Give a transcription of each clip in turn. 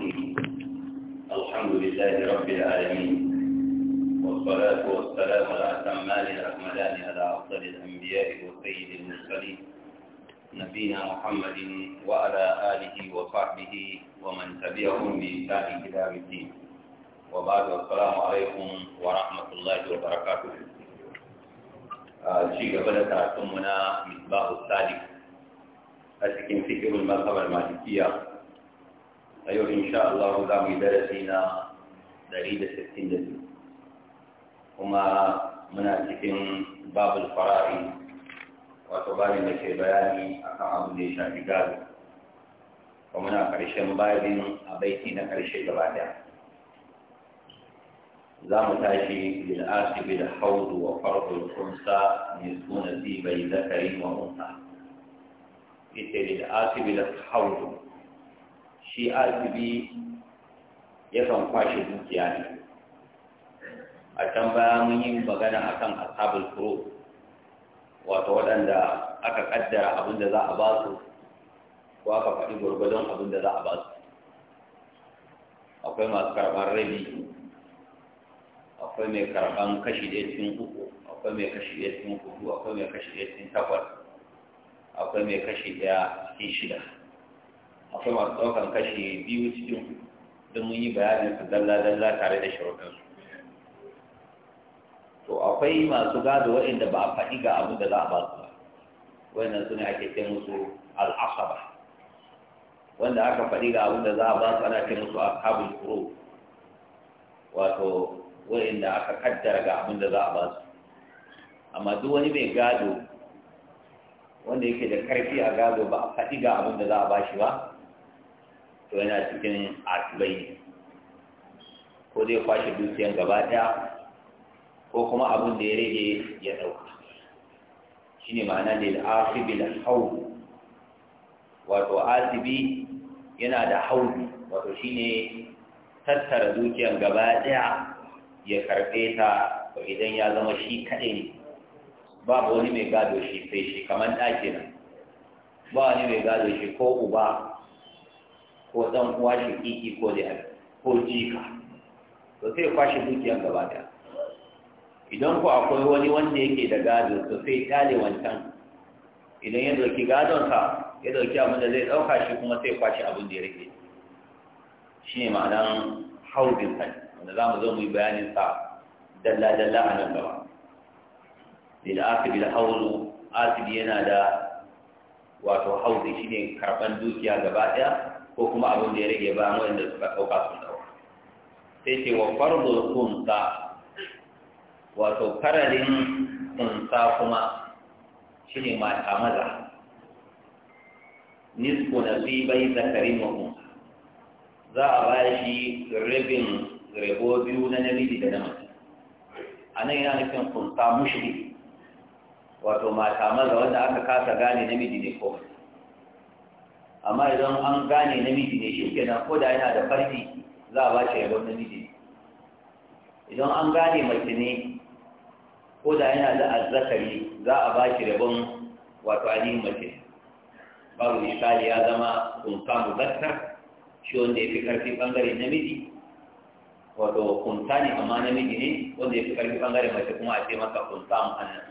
الرحيم الحمد لله رب العالمين والصلاة والسلام على أتمان الأكملان على أفضل الأنبياء وسيد المرسلين نبينا محمد وعلى آله وصحبه ومن تبعهم بإنسان إلى الدين وبعد السلام عليكم ورحمة الله وبركاته آه، شيء قبل تعتمنا مصباح الصادق أشكين فكر المذهب المالكية a yau insha Allah za mu yi darasi na biyu. kuma muna cikin babul fara'i wato babin da ke bayani akan abin da ya shafi gado kuma muna ƙarshen babin a baiti na ƙarshe gaba daya za mu tashi lil'asi da haudu wa farqul khumsa nisfuna fi bai zakari wa unsa ita lil'asi da haudu shi asibi yakan kwashe dukiya ne a can baya mun yi magana a kan asabul furo wato waɗanda aka kaddara abin da za a ba su ko aka faɗi gwargwadon abin da za a ba su akwai masu karɓar rabi akwai mai karɓar kashi ɗaya cikin uku akwai mai kashi ɗaya cikin hudu akwai mai kashi ɗaya cikin takwas akwai mai kashi ɗaya cikin shida akwai masu ɗaukar kashi biyu cikin don mun yi bayanin su dalla-dalla tare da su. to akwai masu gado waɗanda ba a faɗi ga abin da za a ba su ba wannan ne ake ce musu al'asaba wanda aka faɗi ga abin da za a ba su ana ce musu akabin kuro, wato waɗanda aka kaddara ga abin da za a ba su amma duk wani mai gado wanda yake da karfi a gado ba a faɗi ga abin da za a ba shi ba to yana cikin asibai ko zai kwashe dukiyan gaba ɗaya ko kuma abin da ya rage ya ɗauka shi ne ma'ana da asibi da hau wato asibi yana da hau wato shi ne tattara dukiyan gaba ɗaya ya karfe ta idan ya zama shi kaɗai ne babu wani mai gado shi sai shi kamar ɗaki ba wani mai gado shi ko uba ko dan uwa kiki ko da yaro ko jika to sai kwashe dukiyar gaba daya idan ku akwai wani wanda yake da gado to sai tale wancan idan ya dauki ka ya dauki abin da zai dauka shi kuma sai kwashe abin da ya rike shi ne ma'anan haudin sani wanda za mu zo mu yi bayanin sa dalla-dalla a nan gaba lil asibi da haulu asibi yana da wato haudi shi ne karɓar dukiya gaba ɗaya ko kuma abin da ya rage ba inda suka ɗauka sun ɗauka sai ce wa fardul kunsa wato fararin kunsa kuma shine mata maza nisku nasibai zakarin wa kunsa za a ba shi rabin rabo biyu na namiji da namiji. a nan yana nufin kunsa mushri wato mata maza wanda aka kasa gane namiji ne ko amma idan an gane namiji ne shi kenan ko da yana da farfi za a ba shi namiji namiji idan an gane mace ne ko da yana da azzakari za a ba shi rabon wato ainihin mace babu misali ya zama kunta mubatta shi wanda ya fi karfi bangaren namiji wato kunta ne amma namiji ne wanda ya fi karfi bangaren mace kuma a ce maka kunta muhannan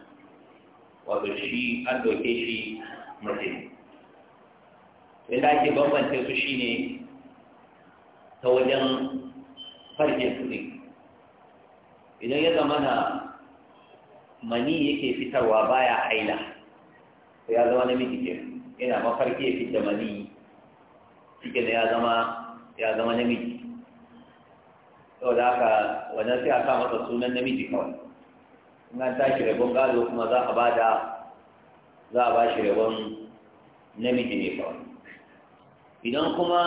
wato shi an doke shi mace ne yadda ake bambance su shine ta wajen farke su ne idan ya zama na mani yake fitarwa baya haila to ya zama namiji ke yana mafarki ya fita mani cikin ya zama ya zama namiji sau da aka wajen sai a masa sunan namiji kawai in an shi rabon gado kuma za a da za a ba shi rabon namiji ne kawai idan kuma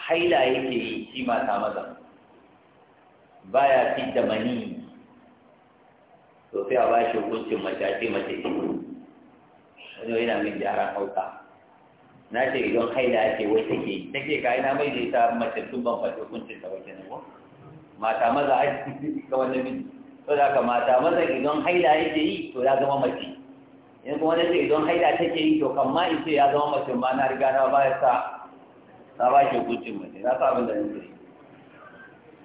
haila yake yi shi mata maza ba ya fi da mani to sai a ba shi hukuncin mace mace ce wani yana min jara hausa na ce idan haila ake wai take yi take ka ina mai da ita mace tun ban fashe hukuncin wake wajen ko mata maza a ga wannan miji to da ka mata maza idan haila yake yi to ya zama mace in kuma na ce idan haila take yi to kan ma in ce ya zama mace ma na riga na ba ya sa ta ba shi hukuncin mace na sa abin da nake yi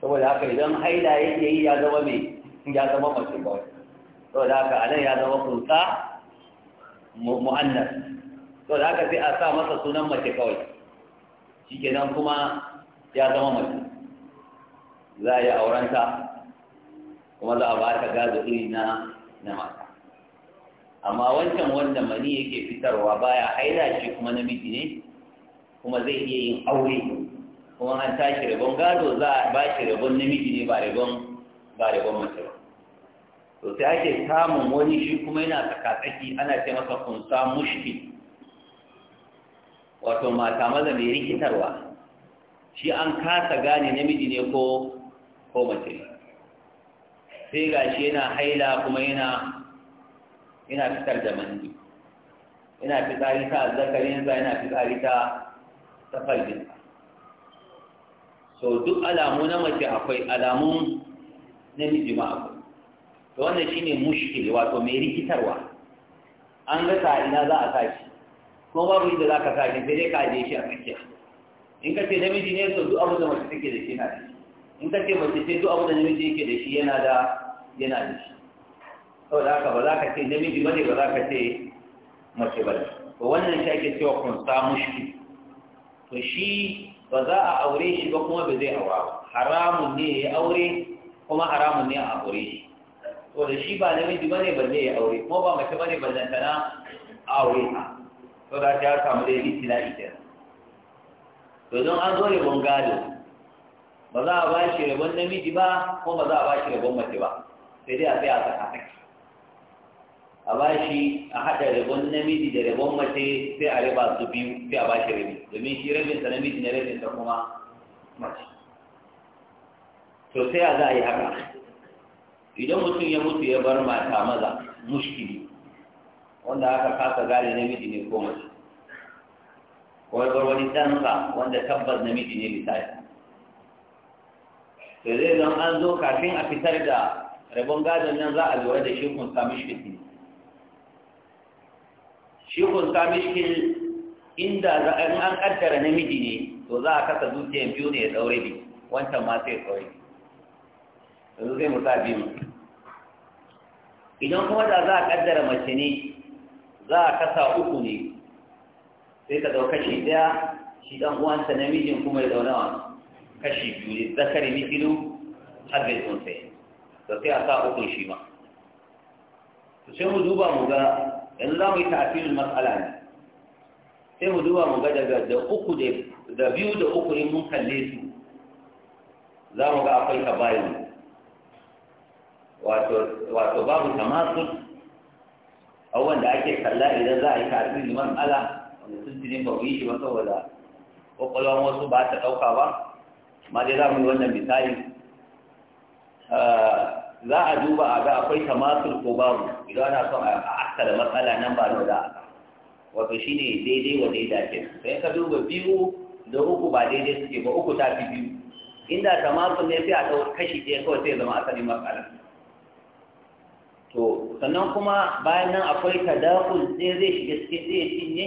saboda haka idan haila yake yi ya zama mai ya zama mace ba saboda haka anan ya zama kulka mu'annas saboda haka sai a sa masa sunan mace kawai shikenan kuma ya zama mace za a yi aurenta kuma za a ba ta gado iri na na mata amma wancan wanda mani yake fitarwa baya haila shi kuma namiji ne kuma zai iya yin aure kuma an tashi rabon gado za a ba shi rabon namiji ne ba rabon ba rabon mace ba to sai ake samun wani shi kuma yana tsakatsaki ana ce masa kunsa mushki wato mata maza mai rikitarwa shi an kasa gane namiji ne ko ko mace sai ga shi yana haila kuma yana yana fitar da mani yana fitsari ta azzakarinsa yana fitsari ta ta farjin so duk alamu na mace akwai alamun namiji ma akwai to wannan shine mushkil wato mai rikitarwa an ga ta ina za a tashi kuma babu inda za ka tashi sai dai ka je shi a tsakiya in ka ce namiji ne to duk abu da mace take da shi na da shi in ka ce mace ce duk abu da namiji yake da shi yana da yana da shi saboda haka ba za ka ce namiji ba ne ba za ka ce mace ba ne to wannan shi ake cewa kunsa mushkil to shi ba za a aure shi ba kuma ba zai aura ba haramun ne ya aure kuma haramun ne a aure shi to da shi ba namiji bane ba zai aure kuma ba mace bane ba zanta tana aure ta to da ta samu dai na ita to don an zo rabon gado ba za a ba shi rabon namiji ba kuma ba za a ba shi rabon mace ba sai dai a tsaya a tsaka tsaki a bashi a haɗa rabon namiji da rabon mace sai a raba su biyu sai a bashi rabi domin shi rabin sa namiji na rabin sa kuma mace to sai a za a yi haka idan mutum ya mutu ya bar mata maza mushkili wanda aka kasa gane namiji ne ko mace ko ya bar wani ɗansa wanda tabbas namiji ne misali to zai zan an zo kafin a fitar da rabon gadon nan za a lura da shi kun sami shi shi kun sami shi inda za an kaddara namiji ne to za a kasa zuciyan biyu ne ya daure bi wancan ma sai kawai yanzu zai musa biyu idan kuma da za a kaddara mace ne za a kasa uku ne sai ka ɗau kashi ɗaya shi ɗan uwansa namijin kuma ya wa kashi biyu ne zakari mikilu har sun sai da sai a sa uku shi ma sai mu duba mu ga yanzu za mu yi ta'asirin matsala ne sai mu duba mu ga daga da uku da biyu da uku in mun kalle su za mu ga akwai bayan. wato babu tamasul abubuwan da ake kalla idan za a yi ta'asirin matsala wanda sun ne ba mu yi shi ba saboda kwakwalwan wasu ba ta ɗauka ba Ma dai za mu yi wannan misali ah, za a duba a ga akwai tamatur ko babu idan ana son a akka da matsala nan ba da aka wato wato shine daidai wa daidai ke sai ka duba biyu da uku ba daidai suke ba uku ta fi biyu inda tamatur ne sai a ɗau kashi ɗaya kawai sai zama asalin matsala to sannan kuma bayan nan akwai tadakul ɗaya zai shiga cikin ɗaya cinye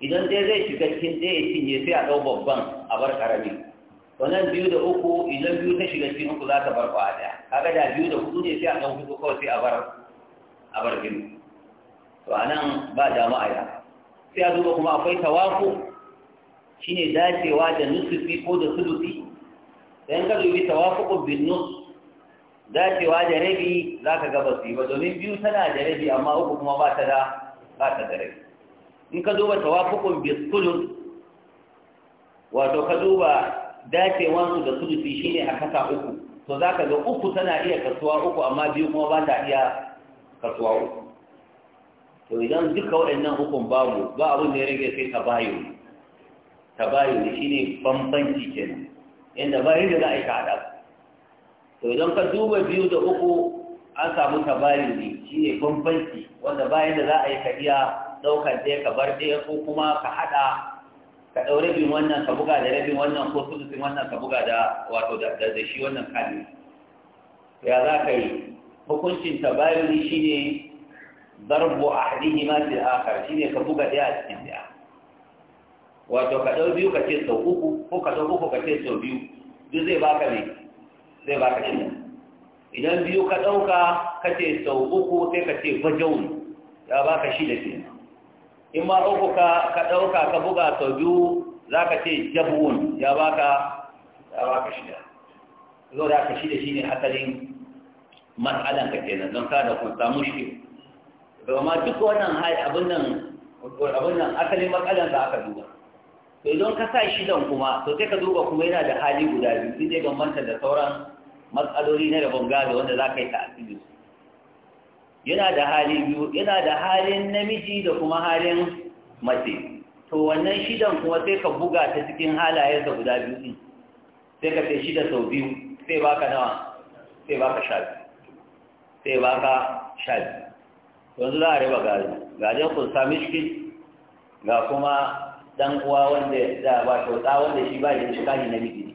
idan ɗaya zai shiga cikin ɗaya cinye sai a ɗau babban a bar ƙaramin wannan biyu da uku idan biyu ta shiga cikin uku za ta bar kwa daya kaga da biyu da hudu ne sai a ɗan hudu kawai sai a bar a bar biyu to a nan ba jama'a ya sai a duba kuma akwai tawafu shine dacewa da nusufi ko da sulusi Da ka dubi ko bin nus dacewa da rabi za ka ga basu ba domin biyu tana da rabi amma uku kuma ba ta da ba ta da rabi in ka duba ko bin sulus wato ka duba dacewansu da sulusi shine a kasa uku to za ka ga uku tana iya kasuwa uku amma biyu kuma ba ta iya kasuwa uku to idan duka waɗannan hukun babu ba abin da ya rage sai tabayu shi shine bambanci kenan inda ba yadda za a yi ka haɗa to idan ka duba biyu da uku an samu tabayu ne shine bambanci wanda ba yadda za a yi ka iya ɗaukar ɗaya ka bar ɗaya ko kuma ka haɗa ka ɗau rabin wannan ka buga da rabin wannan ko sulusin wannan ka buga da wato da da shi wannan kali ya za ka yi hukuncin tabayuni shine darbu ahdihima fil shi ne ka buga ɗaya a cikin ɗaya wato ka ɗau biyu ka ce sau uku ko ka ɗau uku ka ce sau biyu duk zai baka ne zai baka ne idan biyu ka ɗauka ka ce sau uku sai ka ce fajaun ya baka da kenan in ma uku ka ka ɗauka ka buga sau biyu za ka ce jabun ya ba ya baka shida zo da ka shida ne asalin matsalan ka kenan don ka da ku samu shi amma duk wannan hali abin nan abin nan asalin matsalan za aka duba to idan ka sa shidan kuma to sai ka duba kuma yana da hali guda biyu sai dai bambanta da sauran matsaloli na rabon gado wanda za ka yi ta su yana da hali biyu yana da halin namiji da kuma halin mace to wannan shidan kuma sai ka buga ta cikin halayen da guda biyu din sai ka sai shida sau biyu sai baka nawa sai baka sha biyu sai baka sha biyu yanzu za a raba gari garin sami shi ga kuma dan uwa wanda da ba kyauta wanda shi ba da shi kani namiji ne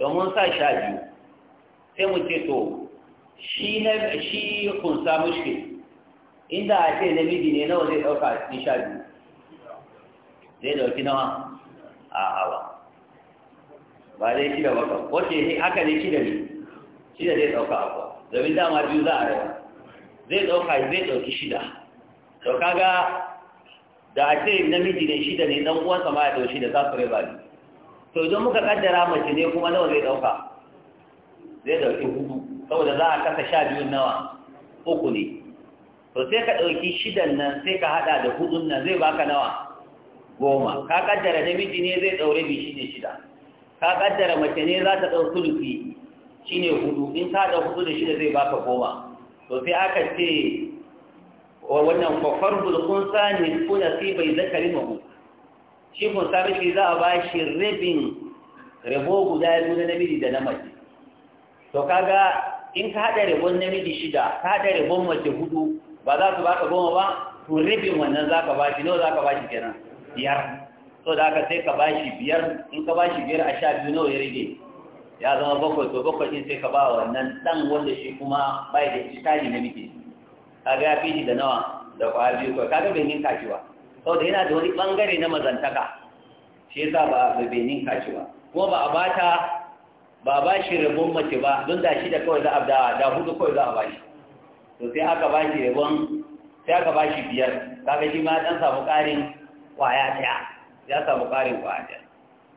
domin sa sha biyu sai mu ce to shi na shi kunsa mushkil inda a ce namiji ne nawa zai ɗauka ni cikin sha biyu zai ɗauki nawa a hawa ba zai shida ba kan wace ne haka ne shida ne shida zai ɗauka akwa domin dama biyu za a rawa zai ɗauka zai dauki shida to kaga da a ce namiji ne shida ne dan uwansa ma ya dauki shida za su raba ne to idan muka kaddara mace ne kuma nawa zai ɗauka zai ɗauki hudu saboda za a kasa sha biyun nawa uku ne to sai ka ɗauki shidan nan sai ka haɗa da hudun nan zai baka nawa goma ka kaddara namiji ne zai ɗaure bi shi ne shida ka kaddara mace ne za ta ɗau sulufi shi ne hudu in ta da hudu da shida zai baka goma to sai aka ce wa wannan kwakwar bulkun sani kuna sai bai zakari mahu shi kun sa shi za a ba shi rabin rabo guda biyu na namiji da na mace to kaga in ka haɗa rabon namiji shida ka haɗa rabon mace hudu ba za su baka goma ba to rabin wannan za ka ba shi nawa za ka ba shi kenan biyar so da aka sai ka ba shi biyar in ka ba shi biyar a sha biyu nawa ya rage ya zama bakwai to bakwai din sai ka ba wannan ɗan wanda shi kuma bai da itali na miji ga ya fi da nawa da kwa biyu kai kaga bai ninka shi ba saboda yana da wani ɓangare na mazantaka shi yasa ba bai kaciwa. Kuma ba kuma ba a ba ba shi rabon mace ba don da shi da kawai za a da da hudu kawai za a ba shi to sai aka ba shi rabon sai aka ba shi biyar kaga shi ma dan samu ƙarin kwaya ɗaya ya samu ƙarin kwaya ɗaya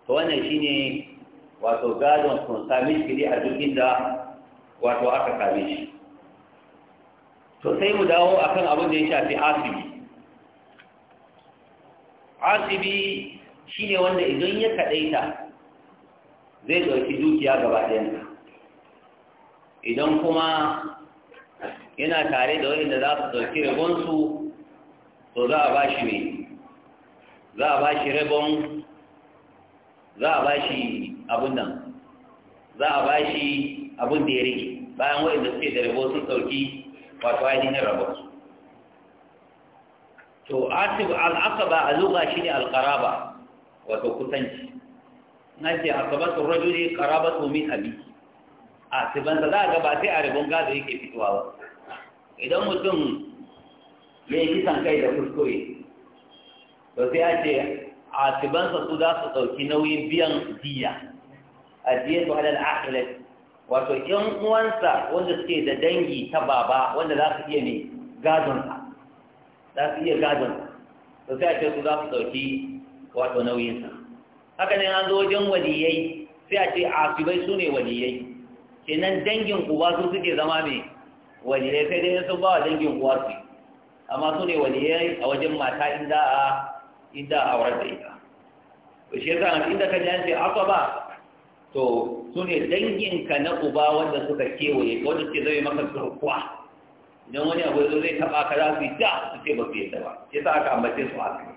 to wannan shine wato gadon kun sami shi a duk inda wato aka kame shi to sai mu dawo akan abin da ya shafi asibi asibi shine wanda idan ya kadaita zai ɗauki dukiya gaba ɗaya idan kuma yana tare da wanda za su ɗauki rabonsu to za a ba shi ne za a ba shi rabon za a ba shi abun nan za a ba shi abun da ya rike bayan da suke da rabo sun ɗauki wato ainihin rabonsu to al'aka ba a luga shi ne alƙaraba wato kusanci nake asabatu rajuli qarabatu min abi a tiban da za ga ba sai a ribon gado yake fitowa ba idan mutum ya yi kisan kai da kuskure to sai a ce a tibansa su za su ɗauki nauyin biyan diya a diya su halal akilat wato yan uwansa wanda suke da dangi ta baba wanda za su iya ne sa za su iya gadonsa to sai a ce su za su ɗauki wato nauyin sa. haka ne an zo wajen waliyai sai a ce asibai su ne waliyai kenan dangin uba su suke zama mai waliyai sai dai sun ba wa dangin uwa su amma su ne waliyai a wajen mata inda a inda a wurin da ita to shi yasa inda ka ji an ce ba, to su ne danginka na uba wanda suka kewaye wanda suke zai maka garkuwa idan wani abu zai taba ka za su yi da su ce ba su yadda ba yasa aka ambace su kai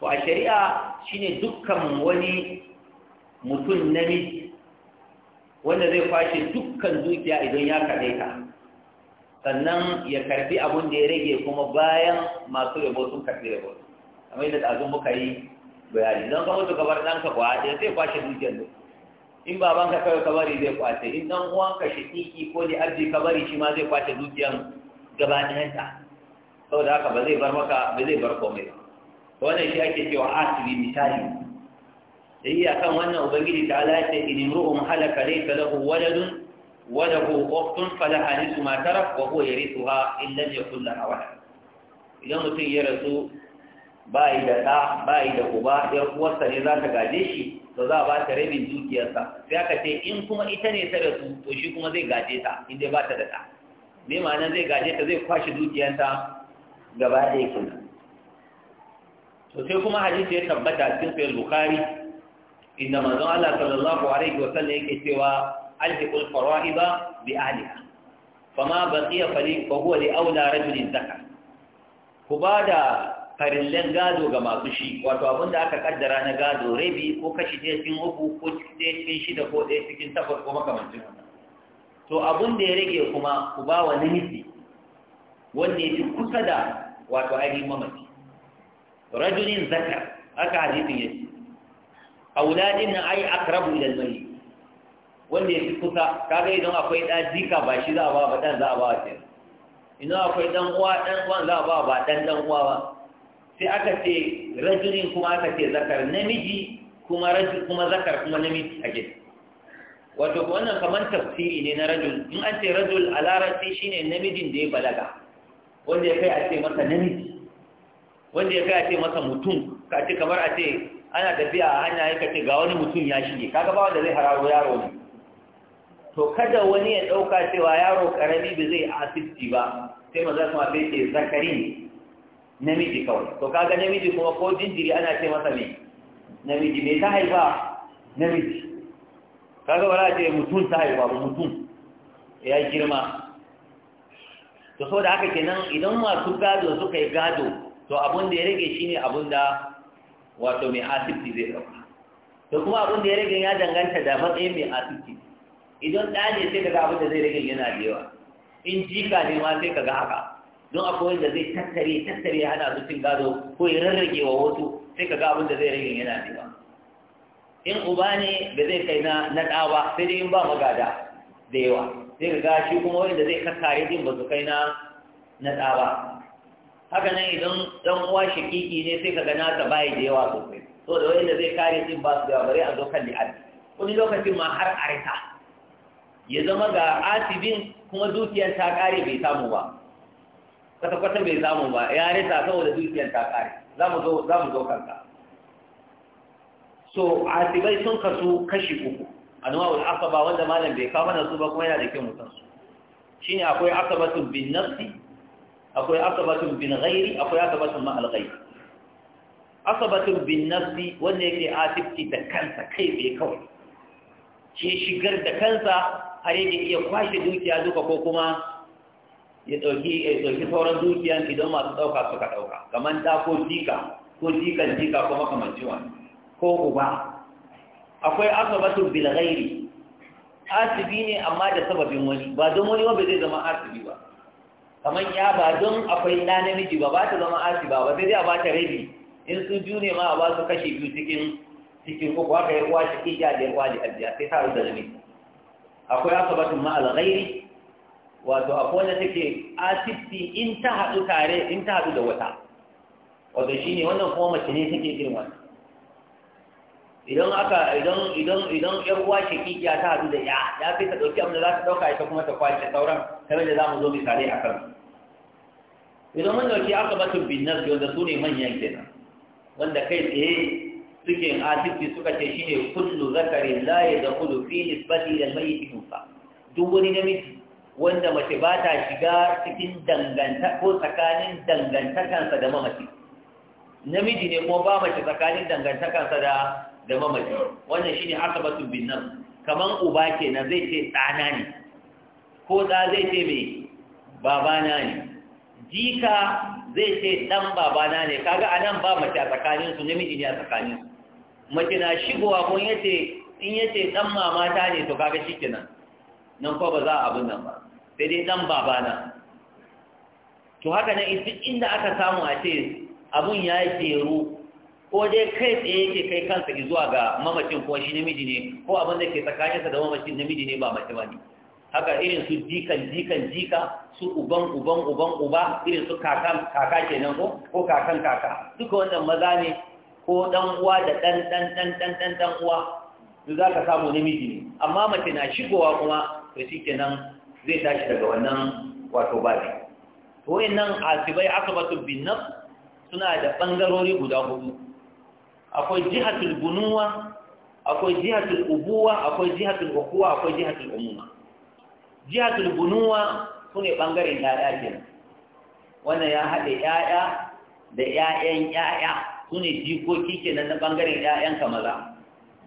to a shari'a shine dukkan wani mutum namiji wanda zai kwashe dukkan dukiya idan ya karɓe ta sannan ya karfi abin da ya rage kuma bayan masu yabo sun karfi yabo kamar yadda azun muka yi bayani don kuma su kabar ɗanka kwa ɗaya zai kwashe dukiyar ne in babanka kawai kabari zai kwashe. in ɗan uwanka shaƙiƙi ko ne arzi kabari shi ma zai kwashe dukiyar gaba ta saboda haka ba zai bar maka ba zai bar komai ba wannan shi ake cewa asibi misali sai kan wannan ubangiji ta ala ce in imru'un halaka laysa lahu waladun wa lahu ukhtun falaha nisu ma tarak wa huwa yarithuha in lam yakul laha walad idan mutum ya rasu bai da ɗa bai da uba yar uwarsa ne za ta gaje shi to za a ba ta rabin dukiyarsa sai aka ce in kuma ita ne ta rasu to shi kuma zai gaje ta in dai ba ta da ta. me ma'ana zai gaje ta zai kwashe dukiyarta gaba ɗaya kenan to sai kuma hadisi ya tabbata cikin sahih bukhari inda manzon Allah sallallahu alaihi wa sallam yake cewa alhiqul fara'iba bi ahliha fama baqiya fali fa huwa li aula rajulin zakar ku bada farillen gado ga masu shi wato abin da aka kaddara na gado rabi ko kashi ɗaya cikin uku ko ɗaya cikin shida ko ɗaya cikin takwas ko makamancin wannan to abin da ya rage kuma ku ba wa namiji wanda ya fi kusa da wato ainihin mamaci rajulin zakar haka hadisin yake auladin nan ai akrabu ila almayyit wanda ya fi kusa ga idan akwai da jika ba shi za a ba ba ɗan za a ba wa kenan idan akwai ɗan uwa ɗan uwan za a ba ba ɗan ɗan uwa ba sai aka ce rajulin kuma aka ce zakar namiji kuma rajul kuma zakar kuma namiji a gefe wato wannan kamar tafsiri ne na rajul in an ce rajul a larabci shine namijin da ya balaga wanda ya kai a ce masa namiji wanda ya kai a ce masa mutum ka ce kamar a ce ana tafiya a hanya ya kace ga wani mutum ya shige kaga ba wanda zai hararo yaro ne to kada wani ya dauka cewa yaro karami ba zai asibiti ba sai maza kuma sai ce zakarin namiji kawai to kaga namiji kuma ko jinjiri ana ce masa ne namiji mai ta haifa namiji kaga ba za ce mutum ta haifa ba mutum ya girma to saboda haka kenan idan masu gado suka yi gado to abun da ya rage shine abun da wato mai asibiti zai ɗauka to kuma abun da ya rage ya danganta da matsayin mai asibiti idan ɗa ne sai kaga abun da zai rage yana da yawa in jika ne ma sai kaga haka don akwai wanda zai tattare tattare ya hana su cin gado ko ya rarrage wa wasu sai kaga abun da zai rage yana da yawa in uba ne da zai kai na na ɗa ba sai dai in ba magada da yawa sai kaga shi kuma wanda zai kakkare din ba su kai na na ɗa ba haka nan idan dan uwa shakiki ne sai kaga nasa bai da yawa sosai to da wanda zai kare din ba su da bare a zo kan li'ad wani lokacin ma har arita ya zama ga asibin kuma dukiyar ta kare bai samu ba kwata kwata bai samu ba ya rita saboda dukiyar ta kare za mu zo za zo kanka so asibai sun kasu kashi uku wani asaba wanda malam bai kawo mana su ba kuma yana da kyau mutan su shine akwai asabatun bin nafsi akwai asabatun bin ghairi akwai asabatun ma al-ghairi asabatun bin nafsi wanda yake atifki da kansa kai bai kawai ke shigar da kansa har yake iya kwashe dukiya duka ko kuma ya dauki ya dauki sauran dukiyan idan masu dauka suka dauka kamar da ko jika ko jikan jika ko makamancin wani ko uba akwai asabatun bil ghairi asibi ne amma da sababin wani ba don wani wanda zai zama asibi ba kamar ya ba don akwai ɗa namiji ba ba ta zama asiba ba sai dai a ba ta rabi in su june ma a ba su kashe biyu cikin cikin uku haka ya kuwa shi iya da ya uwa da ajiya sai ta rusa namiji akwai asabatun ma alghairi wato akwai wanda take asibiti in ta haɗu tare in ta haɗu da wata wato shine wannan kuma mace ne take irin wannan idan aka idan idan idan yar uwa kikiya ta haɗu da ya ya fi ta ɗauki amma za ta ɗauka ita kuma ta kwace sauran kamar da za mu zo misali a kan idan mun dauki akabatun bin nafsi wanda su ne manyan kenan wanda kai tsaye suke cikin suka ce shine kullu zakarin la yadkhulu fi nisbati da Mai mayyit nufa duk wani namiji wanda mace ba ta shiga cikin danganta ko tsakanin dangantakansa da mamaci namiji ne ko ba mace tsakanin dangantakansa da da mamaci wannan shine akabatun bin nafsi kaman uba kenan zai ce tsana ne ko da zai ce me babana ne jika zai ce ɗan babana ne kaga a nan ba mace a tsakaninsu namiji ne a tsakaninsu mace na shigowa kun yace in yace ɗan mamata ne to kaga shi kenan nan ko ba za a bin nan ba sai dai ɗan babana to haka nan duk inda aka samu a ce abun ya yi jeru ko dai kai tsaye yake kai kansa zuwa ga mamacin ko shi namiji ne ko abin da ke tsakaninsa da mamacin namiji ne ba mace ba ne haka irin su jikan jikan jika su uban uban uban uba irin su kakan kaka kenan ko ko kakan kaka duka wannan maza ne ko dan uwa da dan dan dan dan dan dan uwa duk za ka samu namiji ne amma mace na shigowa kuma to shikenan zai tashi daga wannan wato babi to wayannan asibai akabatu bin nafs suna da bangarori guda hudu akwai jihatul bunuwa akwai jihatul ubuwa akwai jihatul ukuwa akwai jihatul umuma jihatul bunuwa sune bangaren ƴaƴa kenan wannan ya haɗe ƴaƴa da ƴaƴan ƴaƴa sune jikoki kenan na bangaren ƴaƴan maza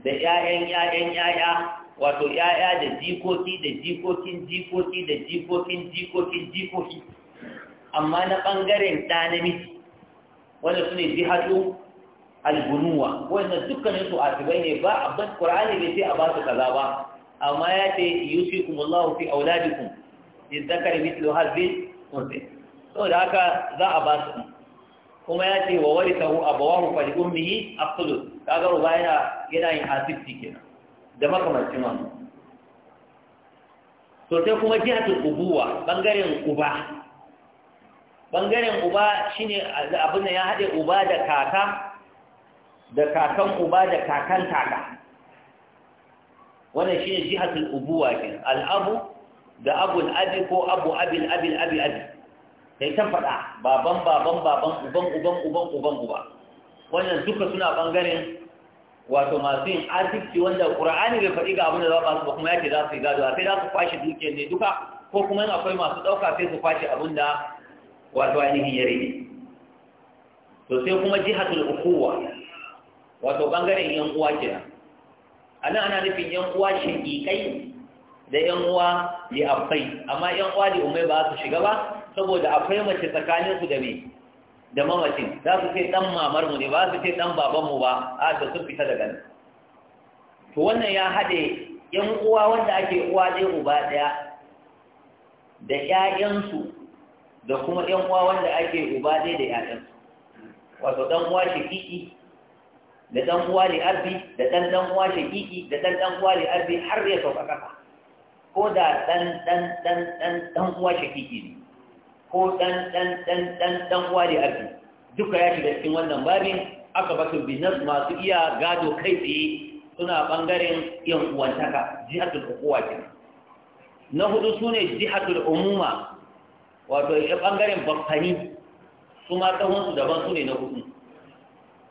da ƴaƴan ƴaƴan ƴaƴa wato ƴaƴa da jikoki da jikokin jikoki da jikokin jikokin jikoki amma na bangaren ɗa namiji wanda sune jihatu albunuwa wannan dukkanin su asibai ne ba abin qur'ani bai ce a ba su kaza ba amma ya ce yusikum Allahu fi auladikum lizzakari mithlu hadhihi unthi da haka za a ba su kuma ya ce wa warithahu abawahu fa li ummihi aqlu kaga ruba yana yana yin asibiti kenan da makamancin wannan to sai kuma jihatul ubuwa bangaren uba bangaren uba shine abin da ya haɗe uba da kaka da kakan uba da kakan kaka wannan shine jihatul ubuwa ke al'abu da abul abi ko abu abil abil abi abi sai ta faɗa baban baban baban uban uban uban uban uba wannan duka suna bangaren wato masu yin asibiti wanda qur'ani bai faɗi ga abin da za ba su ba kuma yake za su yi gado a sai za su kwashe dukiyar ne duka ko kuma yin akwai masu ɗauka sai su kwashe abin da wato ainihin ya rage to sai kuma jihatul ukuwa wato bangaren yan uwa kenan anan ana nufin yan uwa shaqiqai da yan uwa li abai amma yan uwa li umai ba su shiga ba saboda akwai mace tsakanin su da me da mamacin za su ce dan mamar mu ne ba su ce dan baban mu ba a to sun fita daga nan to wannan ya hade yan uwa wanda ake uwa ɗaya uba ɗaya da ƴaƴansu da kuma yan uwa wanda ake uba ɗaya da ƴaƴansu wato dan uwa kiki da ɗan uwa ne arbi da ɗan ɗan uwa shakiki da ɗan ɗan uwa ne arbi har ya sauka kasa ko da ɗan ɗan ɗan ɗan dan uwa shakiki ne ko ɗan ɗan ɗan ɗan ɗan uwa ne arbi duka ya shiga cikin wannan babin aka basu business masu iya gado kai tsaye suna ɓangaren yan uwantaka jihatul hukuma ce na hudu sune jihatul umuma wato ya ɓangaren bakkani su ma tsawon su daban sune na hudu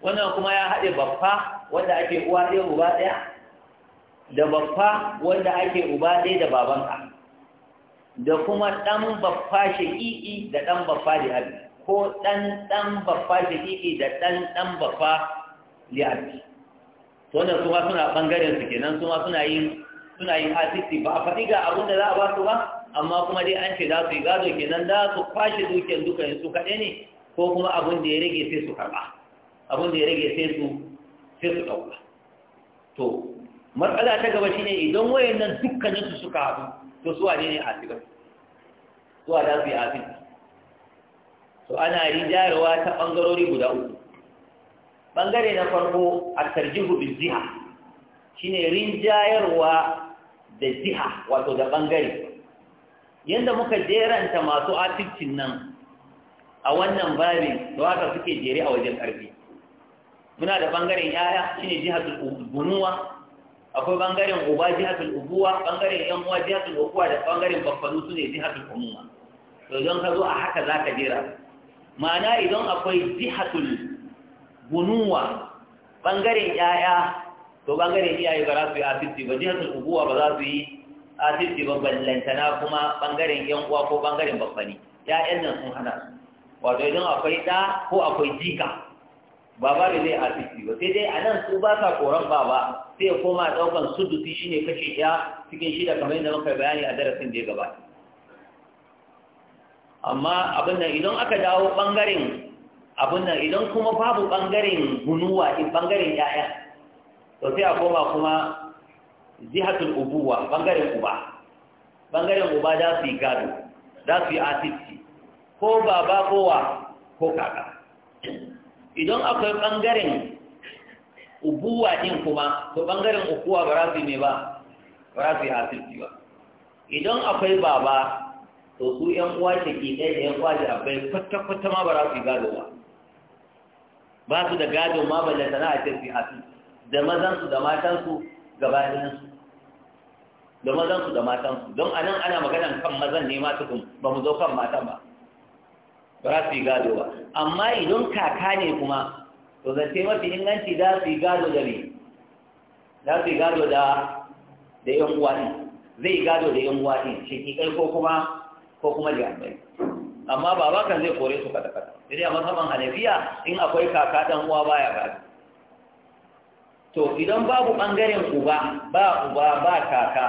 wannan kuma ya haɗe babba wanda ake uwa ɗaya uba ɗaya da babba wanda ake uba ɗaya da babanka da kuma ɗan babba shaƙiƙi da ɗan babba lihabi ko ɗan ɗan babba shaƙiƙi da ɗan ɗan babba lihabi to wannan kuma suna ɓangaren su kenan kuma suna yin suna yin asisi ba a faɗi ga abin da za a ba su ba amma kuma dai an ce za su yi gado kenan za su kwashe dukiyar duka su kaɗai ne ko kuma abin da ya rage sai su karɓa abin da ya rage sai su sai su ɗauka to matsala ta gaba shine idan wayannan dukkanin su suka haɗu to su wane ne asibar su wa su yi asib to ana rijarwa ta ɓangarori guda uku ɓangare na farko a tarjihu bi ziha shine rinjayarwa da ziha wato da ɓangare yadda muka jeranta masu atifcin nan a wannan babin da waka suke jere a wajen ƙarfi muna da bangaren yaya shine jihatul bunuwa akwai bangaren uba jihatul ubuwa bangaren yan uwa jihatul ubuwa da bangaren su sune jihatul umuma to idan ka zo a haka za ka jira ma'ana idan akwai jihatul bunuwa bangaren yaya to bangaren iyaye ba za su yi asibiti ba jihatul ubuwa ba za su yi asibiti ba ballantana kuma bangaren yan uwa ko bangaren baffani ya'yan nan sun hana wato idan akwai ɗa ko akwai jika baba ne zai asisi ba sai dai a nan su ba sa koran baba sai ya koma ɗaukan sudusi shi ne kashe ɗaya cikin shida kamar yadda muka bayani a darasin da ya gabata amma abin nan idan aka dawo ɓangaren abin nan idan kuma babu ɓangaren gunuwa in ɓangaren ƴaƴa to sai a koma kuma jihatul ubuwa ɓangaren uba ɓangaren uba za su yi gado za su yi asisi ko baba kowa ko kaka idan akwai ɓangaren ubuwa ɗin kuma to ɓangaren ukuwa ba za su ba ba za su yi hasilci ba idan akwai baba to su ‘yan uwa da ke ɗaya da ‘yan uwa da akwai kwata-kwata ma ba za su yi gado ba ba su da gado ma ba da sana'a ce su yi da mazansu da matansu gaba ɗayansu da mazansu da matansu don a nan ana maganan kan mazan ne ma tukun ba mu zo kan matan ba ba za su yi gado ba amma idan kaka ne kuma to zance mafi inganci za su yi gado da me za su yi gado da da yan uwa ɗin zai gado da yan uwa ɗin shekikai ko kuma ko kuma jami'ai amma baba kan zai kore su kada kada sai a masaman hanafiya in akwai kaka dan uwa baya ba? to idan babu bangaren uba ba uba ba kaka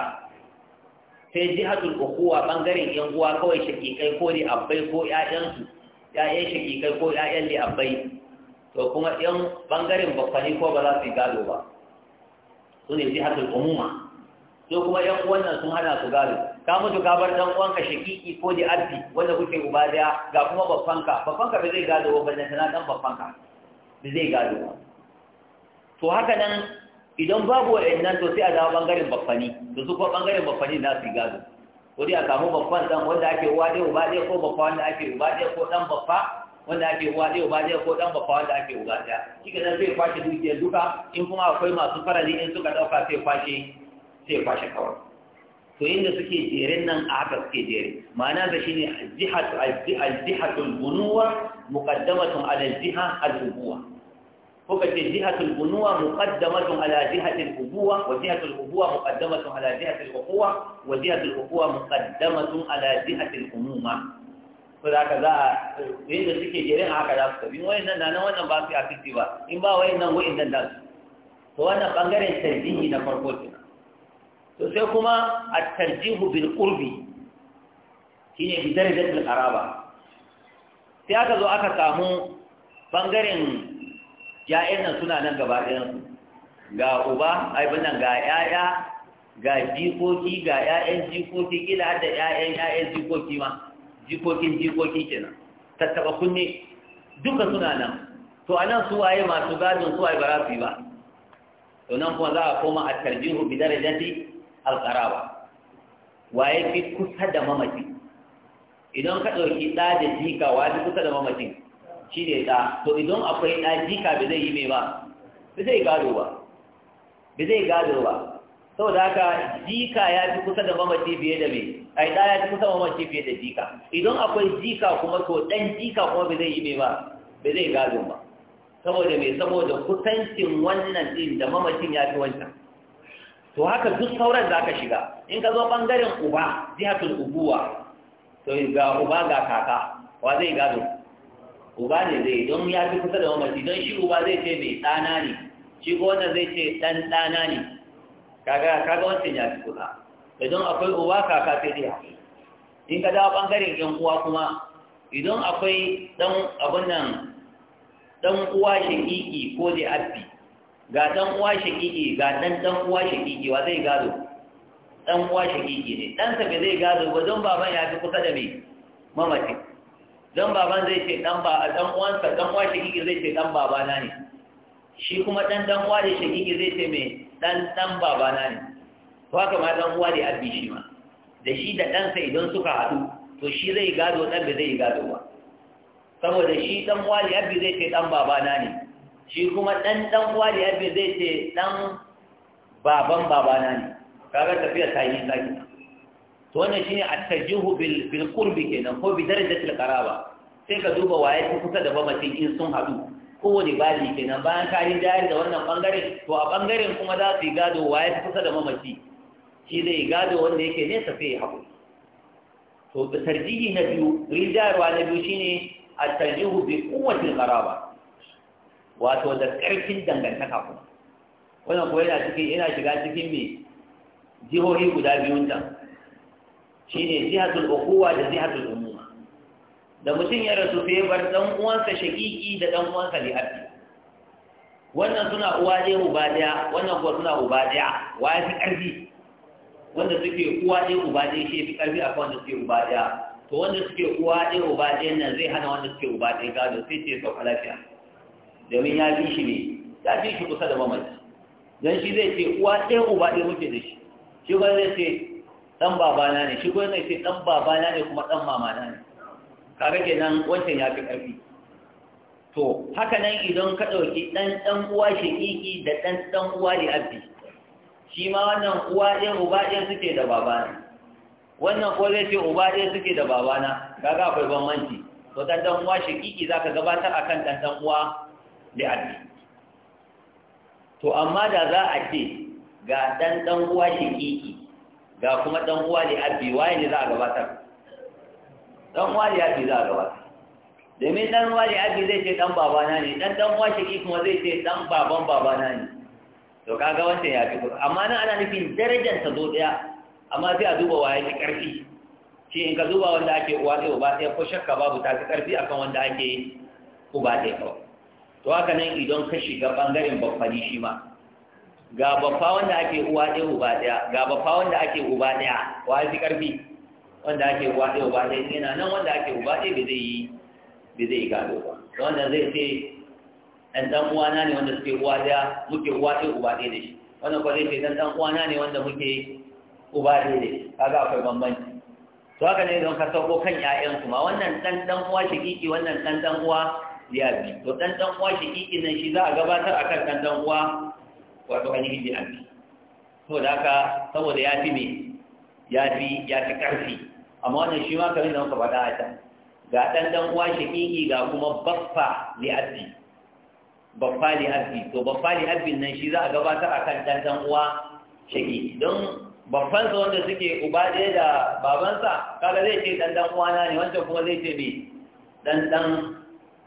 sai jihatul ukuwa bangaren yan uwa kawai kai ko ne abbai ko ƴaƴansu ‘ya'yan shakikai ko ‘ya'yan li'abbai to kuma ‘yan ɓangaren bakwani ko ba za su yi gado ba su ne zai hatar umuma to kuma ƴan wannan sun hana su gado ka mutu ka bar ɗan uwanka shakiki ko li'abbi wanda kuke uba daya ga kuma bakwanka bakwanka ba zai gado ba balle sana ɗan bakwanka ba zai gado ba to haka nan idan babu waɗannan to sai a dawo ɓangaren bakwani to su kuma ɓangaren bakwani za su yi gado ko dai a kamu babban dan wanda ake uwa dai uba dai ko babba wanda ake uba dai ko dan babba wanda ake uwa dai uba dai ko dan babba wanda ake uba dai kika nan sai kwashe dukiyar duka in kuma akwai masu farali in suka dauka sai kwashe sai kwashe kawai to inda suke jerin nan a haka suke jere ma'ana da shine al-jihatu al-jihatu al-bunuwa muqaddamatun ala al-jiha al-ubuwa ko ka ce jihatul bunuwa muqaddamatun ala jihatil ubuwa wa jihatul ubuwa muqaddamatun ala jihatil uquwa wa jihatul uquwa muqaddamatun ala jihatil umuma ko da ka za a yadda suke a haka za su tafi wayannan na wannan ba su a fiti ba in ba wayannan wayannan da su to wannan bangaren tarjihi na farko kenan to sai kuma at-tarjihu bil qurbi shine bi darajatul qaraba sai aka zo aka samu bangaren ya'yan nan suna nan gaba ɗayansu ga uba ai nan ga ya'ya ga jikoki ga ya'yan jikoki kila da ya'yan ya'yan jikoki ma jikokin jikoki kenan tattaba kunne duka suna nan to a nan su waye masu gadin su waye ba za su yi ba to nan kuma za a koma a tarjihu bi darajati alqaraba waye fi kusa da mamaci idan ka ɗauki ɗa da jika waye fi kusa da mamacin shi ne ta to idan akwai ɗaji jika bi zai yi mai ba bi zai gado ba bi zai gado ba saboda haka jika ya fi kusa da mamaci fiye da mai ai ɗaya ya fi kusa da mamaci fiye da jika idan akwai jika kuma to ɗan jika kuma bi zai yi mai ba bi zai gado ba saboda mai saboda kusancin wannan ɗin da mamacin ya fi wancan to haka duk sauran za ka shiga in ka zo ɓangaren uba jihatul ubuwa to ga uba ga kaka wa zai gado uba ne zai don ya fi kusa da mamaci don shi uba zai ce mai ɗana ne shi ko wannan zai ce ɗan ɗana ne kaga kaga wancan ya fi kusa idan akwai uba kaka sai dai haƙi in ka dawo ɓangaren ƴan uwa kuma idan akwai ɗan abin nan ɗan uwa shaƙiƙi ko dai abbi ga ɗan uwa shaƙiƙi ga ɗan ɗan uwa shaƙiƙi wa zai gado ɗan uwa shaƙiƙi ne ɗansa bai zai gado ba don baban ya fi kusa da mai mamacin dan baban zai ce dan ba dan uwansa dan uwa shakiki zai ce dan babana ne shi kuma dan dan uwa da shakiki zai ce me dan dan babana ne to haka ma dan uwa da abi shi ma da shi da sai idan suka haɗu to shi zai gado dan bai zai gado ba saboda shi ɗan uwa da abi zai ce dan babana ne shi kuma ɗan ɗan uwa da abi zai ce dan baban babana ne kaga tafiya ta yi nisa to wannan shine at-tajihu bil bil qurbi kenan ko bi darajatil qaraba sai ka duba waye ku kusa da mamacin in sun hadu wani babi kenan bayan ka yi dari da wannan bangare to a bangaren kuma za su yi gado waye ku kusa da mamaci shi zai gado wanda yake nesa sai ya haƙuri to da tarjihi na biyu rijarwa na biyu shine at-tajihu bi al qaraba wato da karfin dangantaka ko. wannan ko yana cikin yana shiga cikin me jihohi guda biyun ta? Shi shine jihatul ukhuwa da jihatul umuma da mutum ya rasu sai bar dan uwansa shaqiqi da dan uwansa li'abdi wannan suna uwa ɗaya uba ɗaya wannan kuwa suna uba ɗaya wa ya fi ƙarfi wanda suke uwa ɗaya uba ɗaya shi fi ƙarfi a wanda suke uba ɗaya to wanda suke uwa ɗaya uba ɗaya nan zai hana wanda suke uba ɗaya gado sai ce sauka lafiya domin ya fi shi ne ya fi shi kusa da mamaci don shi zai ce uwa ɗaya uba ɗaya muke da shi shi ba zai ce Ɗan babana ne shi gwamnati ɗan dan babana ne kuma ɗan mamana ne kaga kenan wancan ya fi ƙarfi to haka nan idan ka ɗauki ɗan ɗan uwa shiƙiƙi da ɗan ɗan uwa da abdi shi ma wannan uwa ɗin uba ɗin suke da babana wannan ko zai ce uba ɗin suke da babana kaga akwai bambanci to ɗan ɗan uwa shiƙiƙi za ka gabatar a kan ɗan ɗan uwa da abdi to amma da za a ce ga ɗan ɗan uwa shiƙiƙi ga kuma dan uwa ne abi waye ne za a gabatar dan uwa ne abi za a gabatar domin dan uwa ne abi zai ce dan babana ne dan dan uwa shi kuma zai ce dan baban babana ne to kaga wancan ya fi amma nan ana nufin darajar ta zo daya amma sai a duba waye ne karfi shi in ka duba wanda ake uwa sai uba sai ko shakka babu ta fi karfi akan wanda ake uba sai kawai to haka nan idan ka shiga bangaren babbani shi ma ga babba wanda ake uwa ɗaya uba ɗaya ga babba wanda ake uba ɗaya wa fi ƙarfi wanda ake uwa ɗaya uba ɗaya yana nan wanda ake uba ɗaya bai zai yi bai zai yi gado ba wanda zai ce ɗan ɗan uwana ne wanda suke uwa ɗaya muke uwa ɗaya uba ɗaya da shi wannan kwa zai ce ɗan ɗan uwana ne wanda muke uba ɗaya da shi kaga akwai bambanci to haka ne don ka sauko kan ƴaƴansu ma wannan ɗan ɗan uwa shiƙiƙi wannan ɗan ɗan uwa bi to ɗan ɗan uwa shiƙiƙi nan shi za a gabatar akan ɗan ɗan uwa wato ainihin bi an saboda haka saboda ya fi ne ya fi ya fi ƙarfi amma wannan shi ma kamar da muka faɗa a can ga ɗan ɗan uwa shaƙiƙi ga kuma baffa li abdi baffa li abdi to baffa li abdi nan shi za a gabatar a kan ɗan ɗan uwa shaƙiƙi don baffansa wanda suke uba ɗaya da babansa kaga zai ce ɗan ɗan uwa na ne wancan kuma zai ce me ɗan ɗan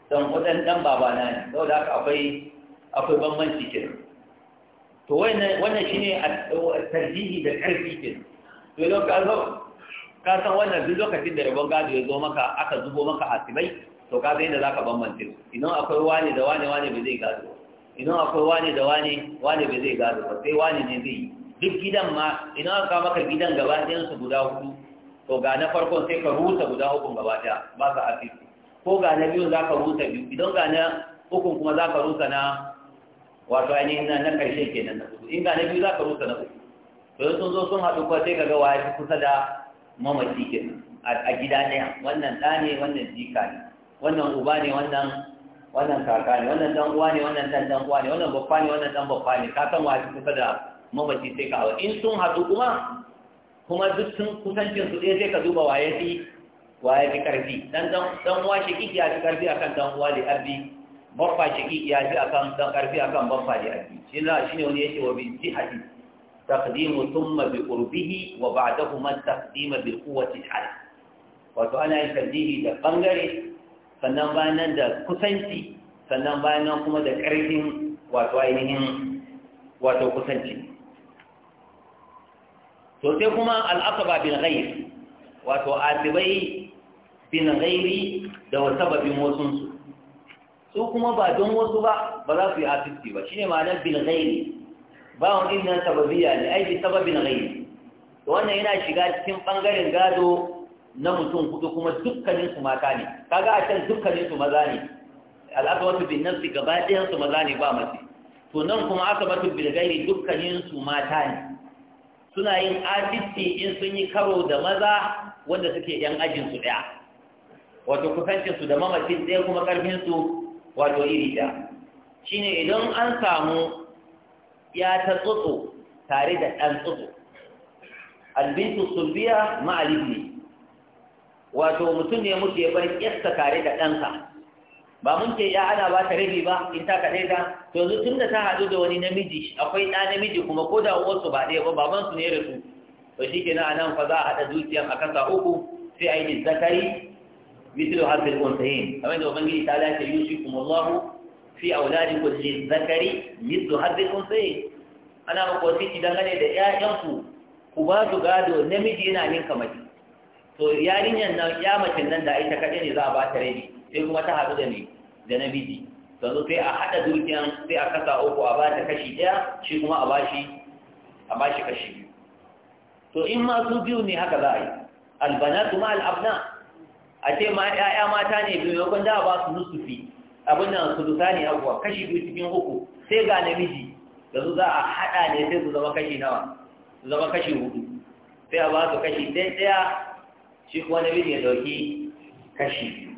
ɗan ɗan babana ne saboda haka akwai akwai bambanci kenan to wannan shine tarjihi da karfi ke to idan ka zo ka san wannan duk lokacin da rabon gado ya zo maka aka zubo maka hasibai to ka san inda zaka bambance idan akwai wani da wani wani bai zai gado idan akwai wani da wani wani bai zai gado ba sai wani ne zai duk gidan ma idan aka maka gidan gaba ɗayan su guda hudu to ga na farkon sai ka rusa guda uku gaba ɗaya ba ka asisi ko ga na biyu za ka rusa biyu idan ga na uku kuma za ka rusa na wato ainihin na na ƙarshe kenan na uku in ga na biyu za ka rusa na uku to sun zo sun haɗu kuwa sai ka ga waye kusa da mamaci kenan a gida ɗaya wannan ɗa ne wannan jika ne wannan uba ne wannan wannan kaka ne wannan dan uwa ne wannan dan dan uwa ne wannan babba ne wannan dan babba ne ka san waye kusa da mamaci sai ka hawa in sun haɗu kuma kuma duk sun kusancin su ɗaya sai ka duba waye fi waye fi ƙarfi dan dan uwa shi kiki ya fi ƙarfi akan dan uwa da ƙarfi baffa shaki ya ji akan dan karfi akan baffa da yaki shi na shine wani yake wa bin jihati taqdimu thumma bi qurbihi wa ba ba'dahu ma taqdima bi quwwati al wato ana yin tarjihi da bangare sannan bayan nan da kusanci sannan bayan nan kuma da ƙarfin wato ainihin wato kusanci to sai kuma al'aqaba bin ghayr wato asibai bin ghairi da wasu wasababin wasunsu su kuma ba don wasu ba ba za su yi asibiti ba Shi ne ma'anar bil ghairi ba wani na sababiya ne ai bi sababin ghairi to wannan yana shiga cikin bangaren gado na mutum kudu kuma dukkanin su mata ne kaga a can dukkanin su maza ne al'aqwatu bin nafsi gaba ɗayan su maza ne ba mace to nan kuma aka bil ghairi dukkanin su mata ne suna yin asibiti in sun yi karo da maza wanda suke yan ajin su daya wato kusancinsu da mamacin ɗaya kuma ƙarfinsu. wato iri da shine idan an samu ya ta tsotso tare da ɗan tsotso albintu sulbiya ne wato mutum ne mutu ya bar ƙyasta tare da ɗansa ba mun ke ya ana ba ta rabi ba in ta kaɗai ta to yanzu tun da ta haɗu da wani namiji akwai ɗa namiji kuma ko da uwarsu ba ɗaya ba babansu ne rasu to shi kenan a nan fa za a haɗa zuciyan a kasa uku sai a yi zakari مثل حرف الأنثيين أما إذا أبنجي تعالى يوشكم الله في أولادكم للذكر مثل حرف الأنثيين أنا مقوسيتي دغني da ƴaƴanku ku ba su gado namiji yana ninka mace to yarinyar nan ya nan da ita kaɗai ne za a ba ta rabi sai kuma ta haɗu da ne da namiji yanzu sai a haɗa dukiyan sai a kasa uku a ba ta kashi ɗaya kuma a ba shi kashi biyu to in biyu ne haka za a yi ma al'abna a ce ma ƴaƴa mata ne biyu maimakon da ba su nusufi abin nan su dusa ne abuwa kashi biyu cikin uku sai ga namiji da su za a haɗa ne sai su zama kashi nawa su zama kashi hudu sai a ba su kashi ɗaya ɗaya shi kuma namiji ya ɗauki kashi biyu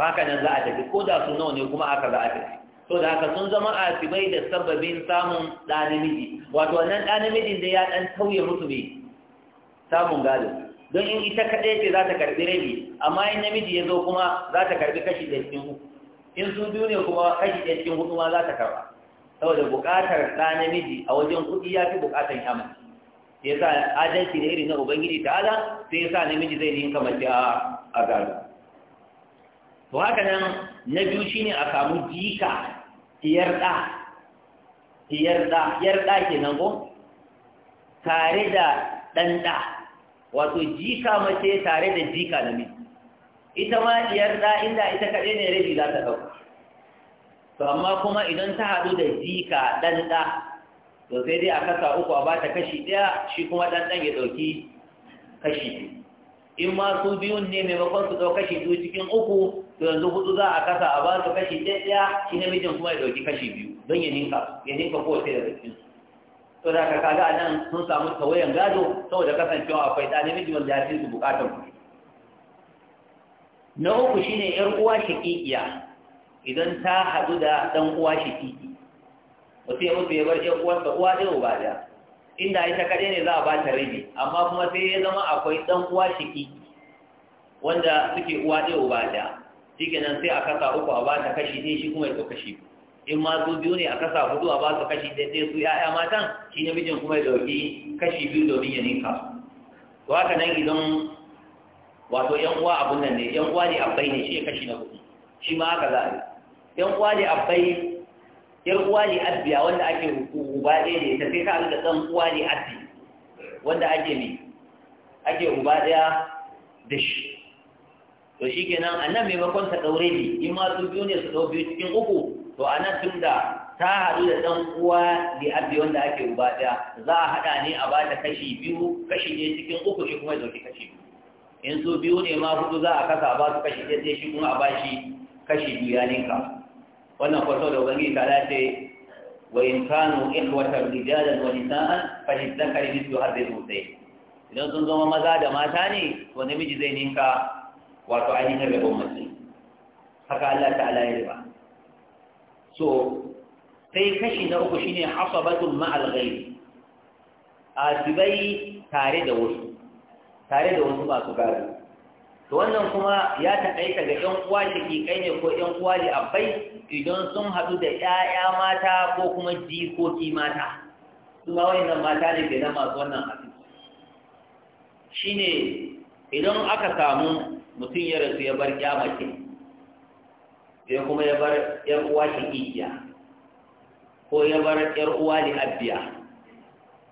haka nan za a tafi ko da su nawa ne kuma aka za a tafi to da haka sun zama a asibai da sababin samun ɗa namiji wato wannan ɗa namijin da ya ɗan tauye musu ne samun galibi don in ita kaɗai ce za ta karɓi rabi amma in namiji ya zo kuma za ta karɓi kashi ɗaya cikin hudu in su biyu ne kuma kashi ɗaya cikin hudu ma za ta karɓa saboda buƙatar ɗa namiji a wajen kuɗi ya fi buƙatar ya mace ya sa adalci da irin na ubangiji ala sai ya sa namiji zai yi kamar da a gado to haka nan na biyu ne a samu jika tiyar ɗa tiyar ɗa tiyar ɗa nan ko tare da ɗan ɗa wato jika mace tare da jika na miji. ita ma diyar da inda ita kaɗai ne rabi za ta ɗauka to amma kuma idan ta haɗu da jika ɗan ɗa to sai dai a kasa uku a bata kashi ɗaya shi kuma ɗan ɗan ya ɗauki kashi biyu in ma su biyun ne maimakon su ɗau kashi biyu cikin uku to yanzu hudu za a kasa a ba su kashi ɗaya shi namijin kuma ya ɗauki kashi biyu don ya ninka ya ninka kowace daga cikinsu to da ka kaga anan sun samu tawayan gado saboda kasancewa akwai ɗa miji wanda ya fi su bukatan kuɗi na uku shine yar uwa shaƙiƙiya idan ta haɗu da ɗan uwa shaƙiƙi wasu ya mutu ya bar uwar da uwa ɗaya uba ɗaya inda ita kaɗai ne za a ba ta rabi amma kuma sai ya zama akwai ɗan uwa shaƙiƙi wanda suke uwa ɗaya uba ɗaya shi sai a kasa uku a ba ta kashi ɗaya shi kuma ya ɗau kashi biyu in ma su biyu ne a kasa hudu a ba su kashi daidai su ya'ya matan shi namijin kuma ya ɗauki kashi biyu domin ya ninka to haka nan idan wato yan uwa abun nan ne yan uwa ne abai ne shi ya kashi na hudu shi ma haka za a yi yan uwa ne abai yan uwa ne abbiya wanda ake ba ɗaya ne ta sai ka ga ɗan uwa ne abbi wanda ake ne ake uba ɗaya da shi to shi kenan a nan maimakon ta ɗaure ne in ma su biyu ne su ɗau biyu cikin uku to a nan tun da ta haɗu da ɗan uwa da abi wanda ake uba ɗaya za a haɗa ne a ba ta kashi biyu kashi ne cikin uku shi kuma ya ɗauki kashi biyu in su biyu ne ma hudu za a kasa ba su kashi ɗaya shi kuma a ba shi kashi biyu ya ninka wannan kwato da ubangiji ta dace wa in kanu ikhwatan rijalan wa nisa'an fa lidzakari mithlu hadhihi al-usayn idan sun zama maza da mata ne to namiji zai ninka wato ainihin rabon mace haka Allah ta'ala ya riba so sai kashi na uku shine hasabatul ma'al ghairi asibai tare da wasu tare da wasu masu gari to wannan kuma ya ta ga ɗan uwa da kai ne ko ɗan uwa da abai idan sun haɗu da ƴaƴa mata ko kuma jikoki mata su ma wayannan mata ne da masu wannan abin shine idan aka samu mutum ya rasu ya bar ƴa mace sai kuma ya bar yar uwa shaqiqiya ko ya bar yar uwa li abiya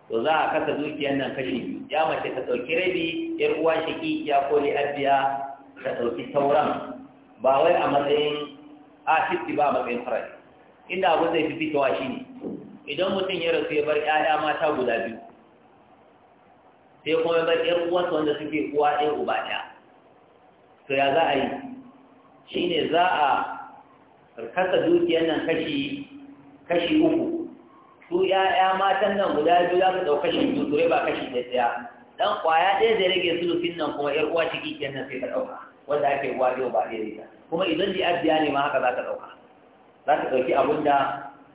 to za a kasa dukiyar nan kashi ya mace ta ɗauki rabi yar uwa shaqiqiya ko li abiya ta ɗauki sauran ba wai a matsayin asisti ba a matsayin farai inda abu zai fi fitowa shi ne idan mutum ya rasu ya bar 'ya'ya mata guda biyu sai kuma ya bar ƴan uwansa wanda suke uwa ɗaya uba ɗaya to ya za a yi shi ne za a karkasa dukiyar nan kashi kashi uku su ƴaƴa matan nan guda biyu za su ɗau kashi biyu to ba kashi ɗaya tsaya dan kwaya ɗaya zai rage sulufin nan kuma ‘yar uwa ciki nan sai ka ɗauka wanda ake uwa yau ba ɗaya rita kuma idan da abiya ne ma haka za ka ɗauka za ka ɗauki abin da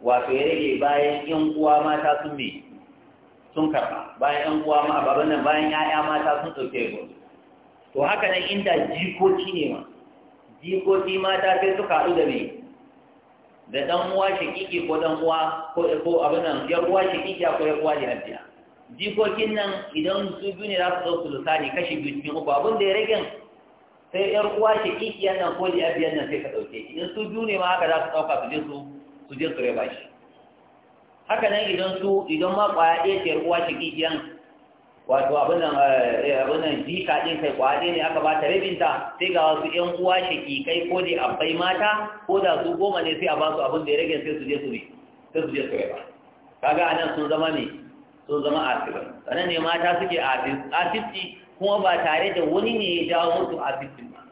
wato ya rage bayan ƴan uwa mata sun me sun karɓa bayan ƴan uwa ma baban nan bayan ƴaƴa mata sun ɗauke ya to haka nan inda jikoki ne ma jikoki mata sai suka haɗu da mai da dan uwa shakiki ko dan uwa ko ko abin nan ya uwa shakiki ko ya uwa jihadiya jikokin nan idan su biyu ne za su zo su Sani kashi biyu cikin uku abin da ya rage sai yar uwa shakiki nan ko jihadiya nan sai ka dauke idan su biyu ne ma haka za su dauka su je su su je su raba shi haka nan idan su idan ma kwaya ɗaya ce yar uwa shakikiyan wato abinan eh, abinan jika din kai kwaje ne aka ba bata rabinta sai ga wasu ƴan uwa shakikai ko dai abbai mata ko da su goma ne sai a ba su abin da ya rage sai su je su ne sai su je su yaba kaga anan sun zama ne sun zama asibai sanan ne mata suke asibiti kuma ba tare da wani ne ya jawo musu asibitin ba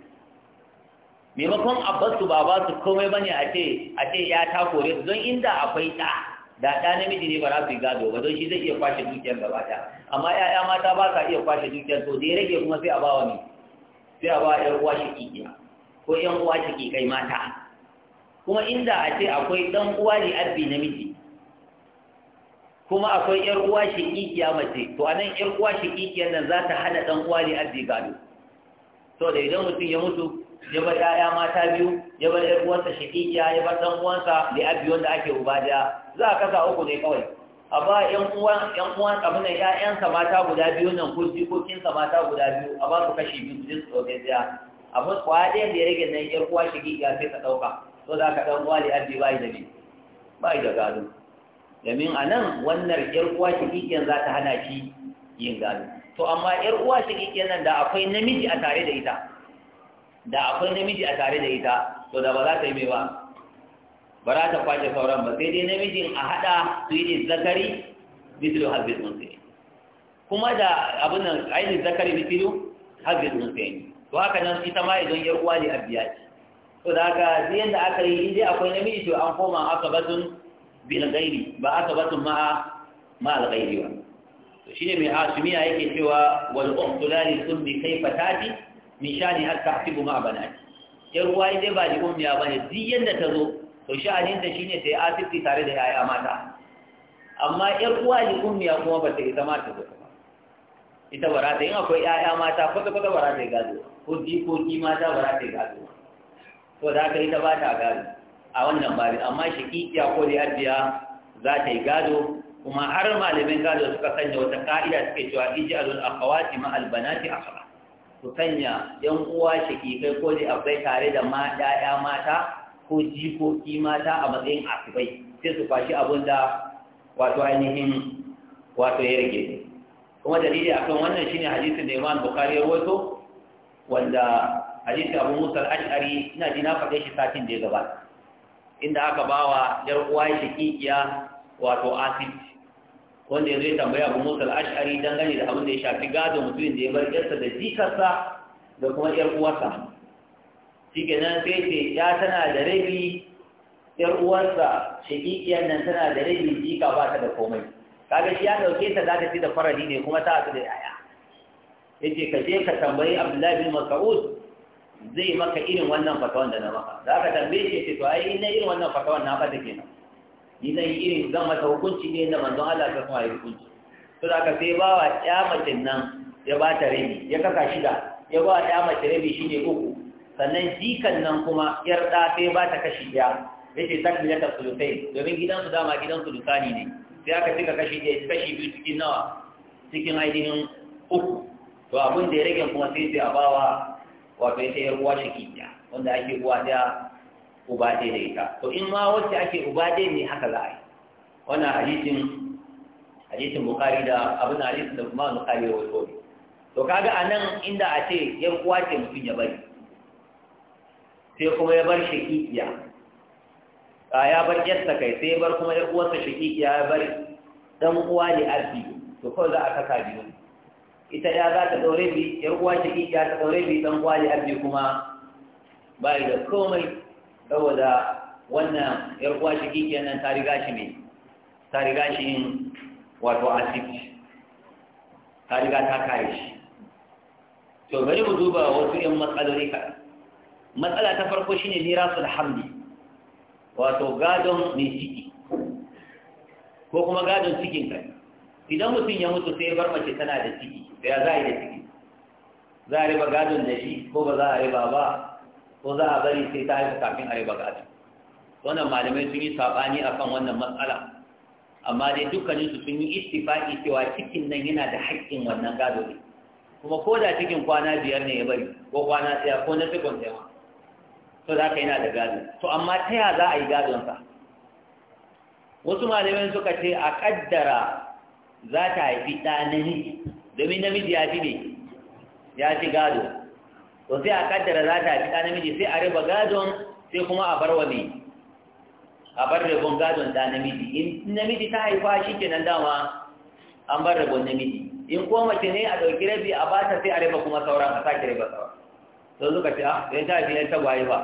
maimakon abbasu ba ba su komai bane a ce a ce ya ta kore don inda akwai ta da ɗa namiji ne ba za su yi gado ba don shi zai iya kwashe dukiyar ba ta amma ‘ya'ya mata ba sa iya kwashe dukiyar to dai ya rage kuma sai a ba wa ne sai a ba ‘yan uwa kike ko ‘yan uwa kai mata kuma inda a ce akwai ɗan uwa ne arbi namiji kuma akwai ‘yar uwa shi shaƙiƙiya mace to a nan ‘yar uwa kike nan za ta hana ɗan uwa ne arbi gado to da idan mutum ya mutu ya bar ƴaƴa mata biyu ya bar ƴar uwansa shaqiqiya ya bar ɗan uwansa da abi wanda ake uba da za a kasa uku ne kawai a ba ƴan uwan ƴan uwan abin da ƴaƴansa mata guda biyu nan ko jikokinsa mata guda biyu a ba su kashi biyu su jinsu ɗauke A abin kwaya ɗaya da ya rage nan ƴar uwa shaqiqiya sai ka ɗauka so za ka ɗan uwa da abi ba da ne ba yi da gado domin a nan wannan ƴar uwa shaqiqiyan za ta hana shi yin gado to amma ƴar uwa shaqiqiyan nan da akwai namiji a tare da ita da akwai namiji a tare da ita to da ba za ta yi mai ba ba za ta kwace sauran ba sai dai namijin a haɗa su yi zakari mitilu hazbin unsayi kuma da abin nan ainihin zakari mitilu hazbin unsayi to haka nan ita ma idan yar uwa ne a biya ce to da haka sai yadda aka yi idan akwai namiji to an koma aka batun bil gairi ba aka batun ma'a ma gairi ba to ne mai asumiya yake cewa wal uqtulani sun bi kai Fatati? har ta fi tahtibu ma ne yar ruwa dai ba li'um ya bane duk yadda ta zo to sha'anin shi ne ta yi asibiti tare da yaya mata amma yar uwa li'um ya kuma ba ta ita zama ta zo ita ba za ta yi akwai yaya mata kwata kwata ba za ta yi gado ko jikoki mata ba za ta yi gado ko za ta ita ba ta gado a wannan bari amma shakikiya ko da arziya za ta yi gado kuma har malamin gado suka sanya wata ka'ida suke cewa ij'alul akhawati ma albanati akhara ku sanya yan uwa shakikai ko da akwai tare da ma mata ko jikoki mata a matsayin asibai sai su fashi abin da wato ainihin wato ya rage kuma dalili akan wannan shine hadisin da Imam bukari ya rawaito wanda hadisi Abu Musa ashari ina ji na faɗe shi satin da ya gabata inda aka bawa yar uwa shakikiya wato asibiti wanda ya zai tambaya abu musa al'ashari dangane da abin da ya shafi gado mutumin da ya bar yarsa da jikarsa da kuma yar uwarsa shi nan sai ce ya tana da rabi yar uwarsa shaƙiƙiyar nan tana da rabi jika ba ta da komai kaga shi ya ɗauke ta za ta ci da faradi ne kuma ta su da yaya ce ka je ka tambayi abdullahi bin mas'ud zai maka irin wannan fatawan da na maka za ka tambaye shi ce to ai na irin wannan fatawan na bada kenan ni zan irin zan mata hukunci ne na manzon Allah ta kuma yi hukunci to da ka sai bawa ɗaya mace nan ya ba ta rabi ya kasa shida ya ba ɗaya mace rabi shi ne uku sannan jikan nan kuma yar ɗa sai ba ta kashi ɗaya daya yace takmilata sulutai domin gidan su dama gidan su dukani ne sai aka cika kashi ɗaya kashi biyu cikin nawa cikin ainihin uku to abin da ya rage kuma sai sai a bawa wato ita yar uwa ɗaya wanda ake uwa ɗaya. uba da ita to in ma wacce ake uba ne haka za a yi wani hadisin hadisin bukari da abin hadisin da kuma bukari da wato ne to kaga a nan inda a ce yan uwa ce mutum ya bari sai kuma ya bar shakikiya a ya bar yarsa kai sai ya bar kuma ya uwarsa shakikiya ya bar dan uwa ne arziki, to kawai za a kasa biyu ita ya za ta ɗaure bi yan uwa shakikiya ta ɗaure bi dan uwa ne arziki kuma bai da komai saboda wannan yar uwa shi kenan ta riga shi ne ta riga shi in wato asibiti ta riga ta kare shi to bari mu duba wasu yan matsaloli ka matsala ta farko shine mirasul hamdi wato gadon mai ciki ko kuma gadon cikin kai idan mutum ya mutu sai bar mace tana da ciki ya za a yi da ciki za a riba gadon da shi ko ba za a riba ba ko za a bari sai ta haifa kafin a yi bagata wannan malamai sun yi saɓani a kan wannan matsala amma dai dukkaninsu sun yi istifaki cewa cikin nan yana da haƙƙin wannan gado ne kuma ko da cikin kwana biyar ne ya bari ko kwana ɗaya ko na tukun ɗaya to za ka yana da gado to amma ta ya za a yi gadonsa wasu malamai suka ce a ƙaddara za ta haifi ɗa namiji domin namiji ya fi ne ya fi gado to sai a kaddara za ta fita namiji sai a riba gadon sai kuma a bar wani a bar rabon gadon da namiji in namiji ta haifa shi kenan dama an bar rabon namiji in ko mace ne a ɗauki rabi a bata sai a riba kuma sauran a sake riba sauran to suka ce ah sai ta biyan tagwaye ba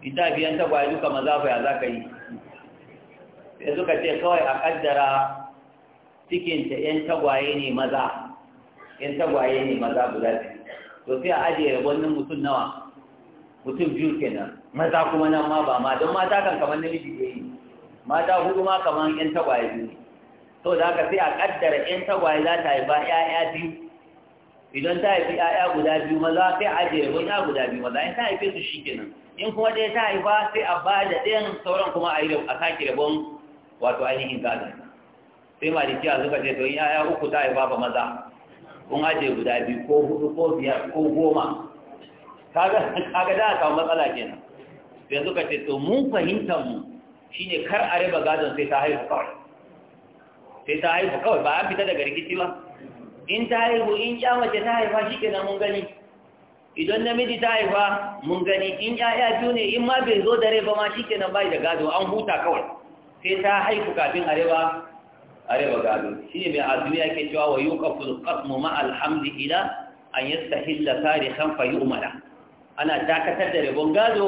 in ta biyan tagwaye duka maza ba ya za ka yi sai suka ce kawai a kaddara cikinta 'yan tagwaye ne maza 'yan tagwaye ne maza guda ce to sai a ajiye rabonin mutum nawa mutum biyu kenan maza kuma nan ma ba ma don mata kan kamar namiji ke yi mata hudu ma kamar yan tagwaye biyu ne to da haka sai a kaddara yan tagwaye za ta haifa ƴaƴa biyu idan ta haifi ƴaƴa guda biyu maza sai a ajiye rabon ƴaƴa guda biyu maza in ta haife su shi kenan in kuma ɗaya ta haifa sai a ba da ɗayan sauran kuma a yi a sake rabon wato ainihin gadon sai malikiya suka ce to in yaya uku ta haifa ba maza kun ajiye guda biyu ko hudu ko biyar ko goma kaga da aka matsala kenan yanzu ka ce to mun fahimtar mu shine kar a riba gadon sai ta haihu kawai sai ta haihu kawai ba an fita daga rikici ba in ta haihu in ya mace ta haifa shi kenan mun gani idan namiji ta haifa mun gani in ya'ya biyu ne in ma bai zo da rai ba ma shi kenan bai da gado an huta kawai sai ta haihu kafin a riba arewa gado shi ne mai azumi ake cewa wa yuqaful qasmu ma alhamdi ila an yastahilla tarihan fa umara ana dakatar da rabon gado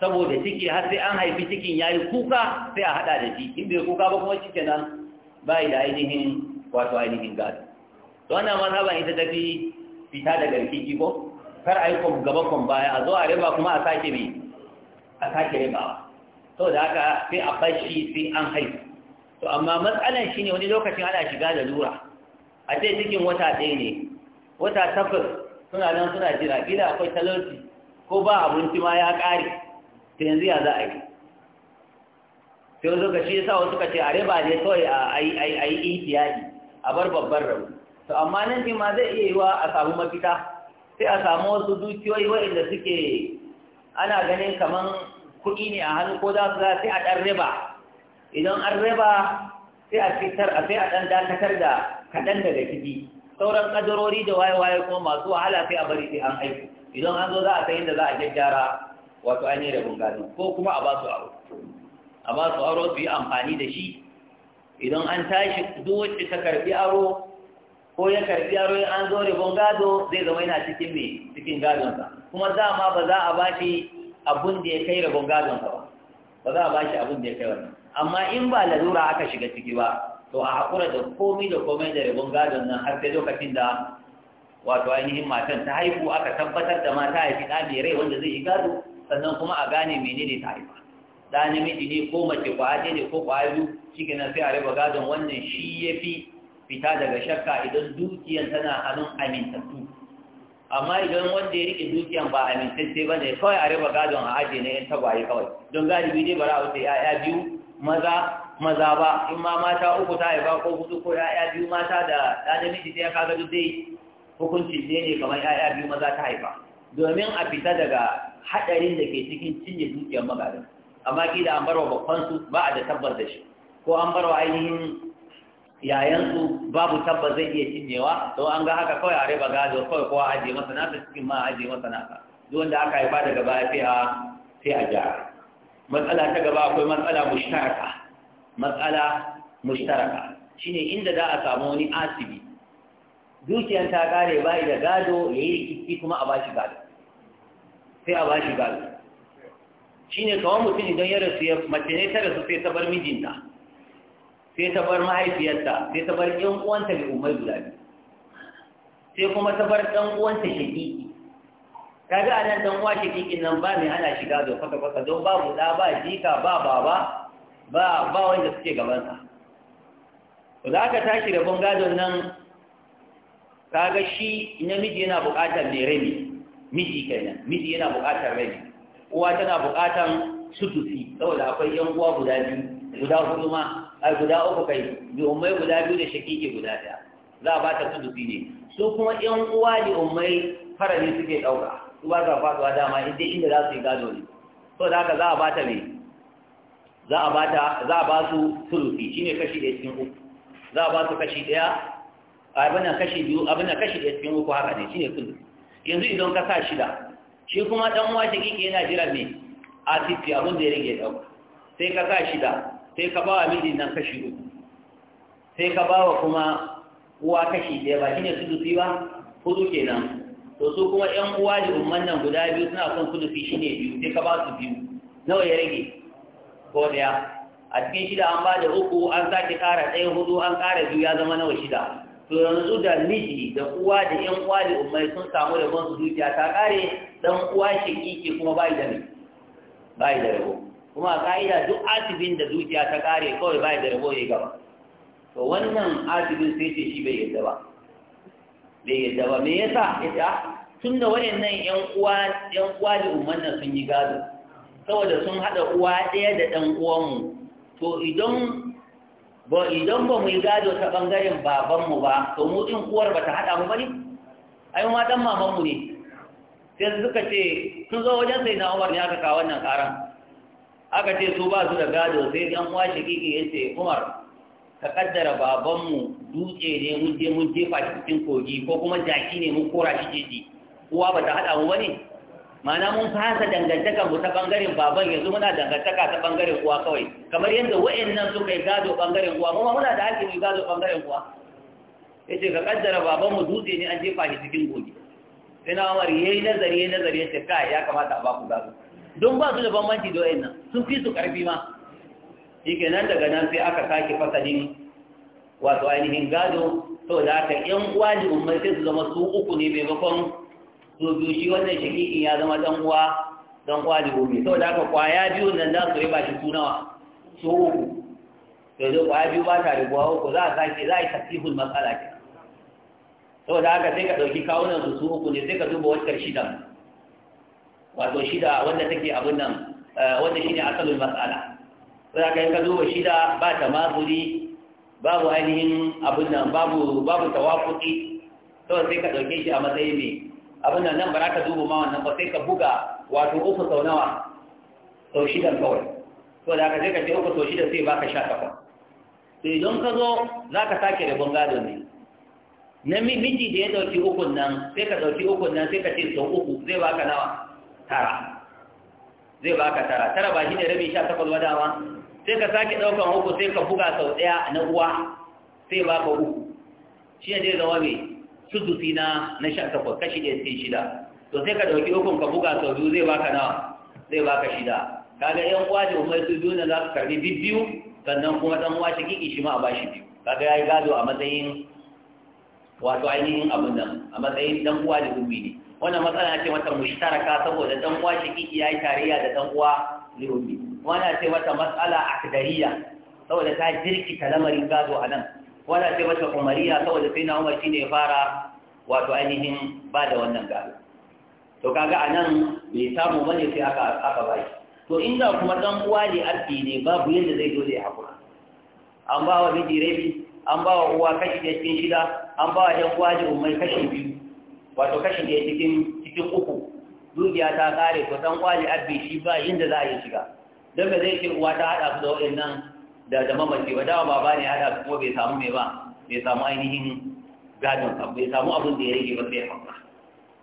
saboda ciki har sai an haifi cikin yayi kuka sai a hada da shi in kuka ba kuma shikenan bai da ainihin wato ainihin gado to wannan mazhaban ita tafi fita daga rikici ko kar a yi gaba kon baya a zo a riba kuma a sake mai a sake ribawa saboda haka sai a bashi sai an haifi to amma matsalan shine wani lokacin ana shiga da lura a ce cikin wata ɗaya ne wata takwas suna nan suna jira gida akwai talauci ko ba abinci ma ya ƙare ta yanzu ya za a yi ta yanzu ka shi yasa wasu ka a riba ne kawai a yi ihtiyari a bar babban rabu to amma nan ne ma zai iya yiwa a samu mafita sai a samu wasu dukiyoyi waɗanda suke ana ganin kaman kuɗi ne a hannu ko za su za sai a ɗan riba idan an raba sai a fitar a sai a ɗan dakatar da kaɗan daga ciki sauran ƙadarori da waye-waye kuma masu wahala sai a bari sai an aiki idan an zo za a san yadda za a gyaggyara wato ainihin da bungazin ko kuma a ba su aro a ba su aro su yi amfani da shi idan an tashi duk wacce ta karɓi aro ko ya karɓi aro in an zo da bungazo zai zama yana cikin mai cikin gadonsa kuma dama ba za a ba shi abun da ya kai da bungazonsa ba ba za a ba shi abun da ya kai wannan amma in ba lalura aka shiga ciki ba to a hakura da komai da komai da rabon gadon nan har sai lokacin da wato ainihin matan ta haihu aka tabbatar da mata haifi fi rai wanda zai yi gado sannan kuma a gane menene ta haifa da namiji ne ko mace aje ne ko kwayo cikin nan sai a raba gadon wannan shi ya fi fita daga shakka idan dukiyan tana hannun amintattu amma idan wanda ya riƙe dukiyan ba amintacce ba ne kawai a raba gadon a ajiye na yan tagwaye kawai don galibi dai bara a wuce 'ya'ya biyu maza maza ba in ma mata uku ta haifa ko hudu ko ya'ya biyu mata da ɗan namiji ɗaya kaga duk dai hukunci ne ne kamar ya'ya biyu maza ta haifa domin a fita daga haɗarin da ke cikin cinye dukiyar magadan amma da an barwa babban su ba a da tabbas da shi ko an barwa ainihin yayansu babu tabbas zai iya cinyewa to an ga haka kawai a riba gado kawai kowa ajiye masa nasa cikin ma ajiye masa nasa duk wanda aka haifa daga baya sai a sai a gyara matsala ta gaba akwai matsala mushtaraka matsala mushtaraka shine inda za a samu wani asibi dukiyar ta kare bai da gado ya yi rikici kuma a bashi gado sai a bashi gado shine kawai mutum idan ya rasu ya mace ne ta rasu sai ta bar mijinta sai ta bar mahaifiyarta sai ta bar yan uwanta mai umar guda biyu sai kuma ta bar ɗan uwanta shaƙiƙi kaga anan dan washe kikin nan ba mai ana shiga da kwata kwata don babu da ba jika ba baba ba ba wanda suke gaban sa to da aka tashi da gadon nan kaga shi namiji yana buƙatar mai rabi miji kenan miji yana buƙatar rabi uwa tana bukatar sutufi saboda akwai yan uwa guda biyu guda hudu ma ai guda uku kai bi ummai guda biyu da shakiki guda daya za a ba ta sutufi ne su kuma yan uwa da ummai farali suke ɗauka su ba ta faɗuwa dama inda inda za su yi gado ne so da haka za a bata ne za a za a ba su shi ne kashi ɗaya cikin uku za a ba su kashi ɗaya abin nan kashi biyu abin nan kashi ɗaya cikin uku haka ne shi ne sulusi yanzu idan ka sa shida shi kuma ɗan uwa kike yana jiran ne a titi abin da ya rage ɗauka sai ka sa shida sai ka ba wa miji nan kashi uku sai ka ba wa kuma uwa kashi ɗaya ba shi ne sulusi ba hudu kenan to su kuma ƴan uwa da umman nan guda biyu suna son shi ne biyu sai ka ba su biyu nawa ya rage ko daya a cikin shida an ba da uku an sake ƙara ɗaya hudu an ƙara biyu ya zama nawa shida to yanzu da miji da uwa da ƴan uwa da umman sun samu da bansu zuciya ta ƙare dan uwa kike kuma bai da ne bai da rabo kuma a ka'ida duk asibin da zuciya ta ƙare kawai bai da rabo ya gaba to wannan asibin sai ce shi bai yadda ba bai yadda ba me yasa ita ah, tun da wani yan yan uwa da umman sun yi gado saboda sun haɗa uwa ɗaya da ɗan uwanmu to idan ba mu yi gado ta ɓangaren babanmu ba to mu ɗin uwar ba ta haɗa mu ba ne ai ma ɗan mamanmu ne sai suka ce sun zo wajen sai na umar ne aka kawo wannan karan aka ce su ba su da gado sai yan uwa shi ya ce umar ka kaddara babanmu dutse ne mun je mun jefa shi cikin kogi ko kuma jaki ne mun kora shi jeji kowa ba ta haɗa mu ba ne ma'ana mun fasa dangantaka mu ta ɓangaren baban yanzu muna dangantaka ta ɓangaren uwa kawai kamar yadda wa'annan suka yi gado ɓangaren uwa kuma muna da hakkin gado bangaren uwa ce ka kaddara babanmu dutse ne an jefa shi cikin kogi. sai na ya yayi nazari yayi nazari ya ce kai ya kamata a ba ku gado don ba su da bambanci da wa'annan sun fi su karfi ma shi nan daga nan sai aka sake fasalin wato ainihin gado to da aka yan uwa ne umar sai su zama su uku ne maimakon su biyu shi wannan shakikin ya zama dan uwa dan uwa ne umar to da aka kwaya biyu nan za su riba shi sunawa su uku to da kwaya biyu ba ta ribuwa uku za a sake za a yi tasihun matsala ke to da aka sai ka ɗauki kawunan su su uku ne sai ka duba wacce shida wato shida wanda take abin nan eh, wanda shine asalin matsala sai ka ka duba shida ba ta mazuri babu ainihin abin nan babu babu tawafuki to sai ka dauke shi a matsayin ne abin nan nan ba ka duba ma wannan ba sai ka buga wato uku sau nawa sau shida kawai to da ka sai ka ce uku sau shida sai baka sha takwas to idan ka zo za ka sake da bangado ne na miji da ya dauki ukun nan sai ka dauki ukun nan sai ka ce sau uku zai baka nawa tara zai baka tara tara ba shi ne rabi sha takwas wadawa dama sai ka sake ɗaukan uku sai ka buga sau ɗaya na uwa sai ba ka uku shi ne zai zama mai sudusi na na sha takwas kashi ɗaya sai shida to sai ka ɗauki ukun ka buga sau biyu zai baka nawa zai baka shida kaga yan uwa da umar su biyu ne za su karbi biyu sannan kuma ɗan uwa shi kiki shi ma a shi biyu kaga ya yi gado a matsayin wato ainihin abin nan a matsayin ɗan uwa da dubi ne wannan matsala ce mata mushtaraka saboda ɗan uwa shi kiki ya yi tarayya da ɗan uwa da ummi wani ce wata matsala a kadariya saboda ta jirkita lamarin gado a nan wani ce wata umariya saboda sai na umar shine fara wato ainihin ba da wannan gado to kaga a nan bai samu bane sai aka aka bai to inda kuma dan uwa ne arfi ne babu yadda zai dole ya hakura an ba wa miji rabi an ba wa uwa kashi da cikin shida an ba wa yan uwa da umai kashi biyu wato kashi da cikin cikin uku dukiya ta kare to dan uwa ne arfi shi ba yadda za a yi shiga don ba zai ce uwa ta haɗa su da waɗannan da da mamaci ba dawa ba ne haɗa su kuma bai samu mai ba bai samu ainihin gadon ka bai samu abin da ya rage ba sai hauka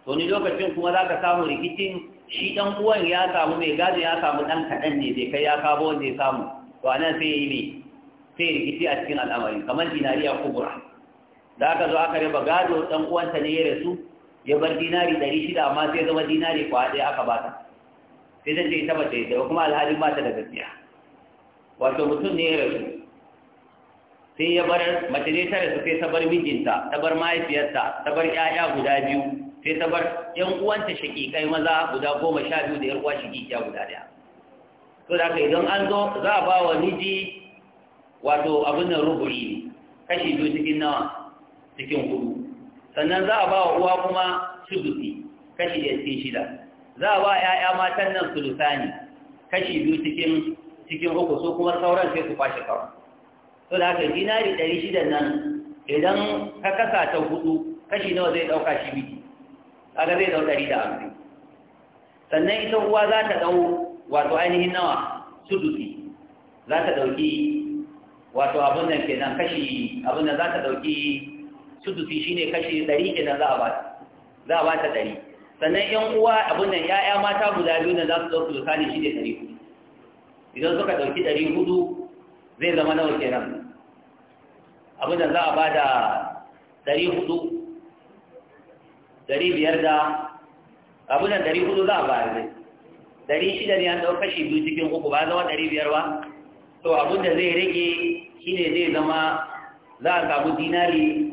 to ni lokacin kuma za ka samu rikicin shi ɗan uwan ya samu mai gadon ya samu ɗan kaɗan ne bai kai ya kabo wanda ya samu to a nan sai ya yi mai sai rikici a cikin al'amari kamar dinariya kubura da aka zo aka raba gado ɗan uwanta ne ya rasu ya bar dinari ɗari shida amma sai zama dinari kwa ɗaya aka bata sai ta ce ita ba ta yi kuma alhalin ba ta da gaskiya wato mutum ne ya rasu sai ya bar mace ne ta rasu sai ta bar mijinta ta bar mahaifiyarta ta bar 'ya'ya guda biyu sai ta bar 'yan uwanta kai maza guda goma sha biyu da 'yar uwa shakikiya guda ɗaya to da haka idan an zo za a ba wa miji wato abin nan ne, kashi biyu cikin nawa cikin huɗu, sannan za a ba wa uwa kuma sudusi kashi ɗaya cikin shida za a ba ‘ya'ya matan nan su lusani kashi biyu cikin cikin uku su kuma sauran sai su kwashe kawai to da haka dinari ɗari shida nan idan ka kasa ta hudu kashi nawa zai ɗauka shi biki ga zai ɗau ɗari da hamsin sannan ita uwa za ta ɗau wato ainihin nawa dutse, za ta ɗauki wato abin nan nan kashi abin nan za ta ɗauki shi ne kashi ɗari kenan za a ba za a ba ta ɗari sannan yan uwa abin nan ya'ya mata guda biyu na za su ɗauki misali shi da ɗari hudu idan suka ɗauki ɗari hudu zai zama nawa kenan abin da za a ba da ɗari hudu ɗari biyar da abin nan ɗari hudu za a bada zai ɗari shida ne an ɗau shi biyu cikin uku ba zama ɗari biyar ba to abin da zai rage shi ne zai zama za a samu dinari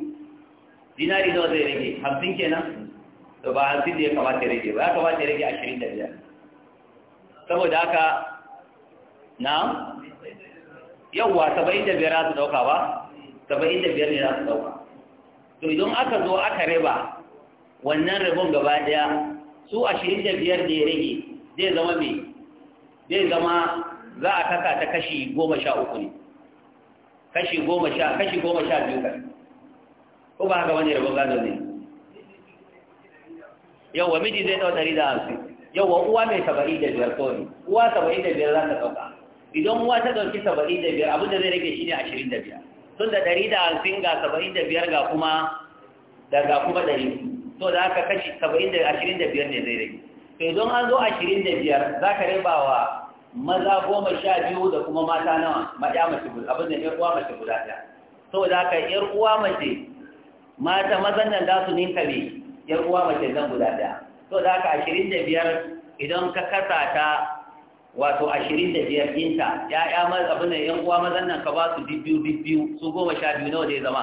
dinari nawa zai rage hamsin kenan to ba an da ya kamata ya rage ba ya kamata ya rage ashirin da biyar saboda haka na yawwa saba'in da biyar za dauka ɗauka ba saba'in da biyar ne za su ɗauka to idan aka zo aka riba wannan rabon gaba ɗaya su ashirin da biyar ne ya rage zai zama mai zai zama za a kasa ta kashi goma sha uku ne kashi goma sha biyu kai ko ba haka wani rabon gado ne yau wa miji zai ɗau ɗari da hamsin yau wa uwa mai saba'i da biyar ne uwa saba'i da biyar za ta ɗauka idan uwa ta ɗauki saba'i da biyar abin da zai rage shi ne ashirin da biyar tun da ɗari da hamsin ga saba'in da biyar ga kuma da ga kuma ɗari to da aka kashi saba'in da ashirin da biyar ne zai rage to idan an zo ashirin da biyar za ka riba wa maza goma sha biyu da kuma mata nawa maɗa mace guda abin da ɗan uwa mace guda ɗaya saboda haka ƴar uwa mace mata mazan nan za su ninka ne yan uwa mace zan guda daya to da ka ashirin da biyar idan ka kasa ta wato ashirin da biyar ya ya'ya maza abin da yan uwa mazan nan ka ba su bibbiyu bibbiyu su goma sha biyu nawa zai zama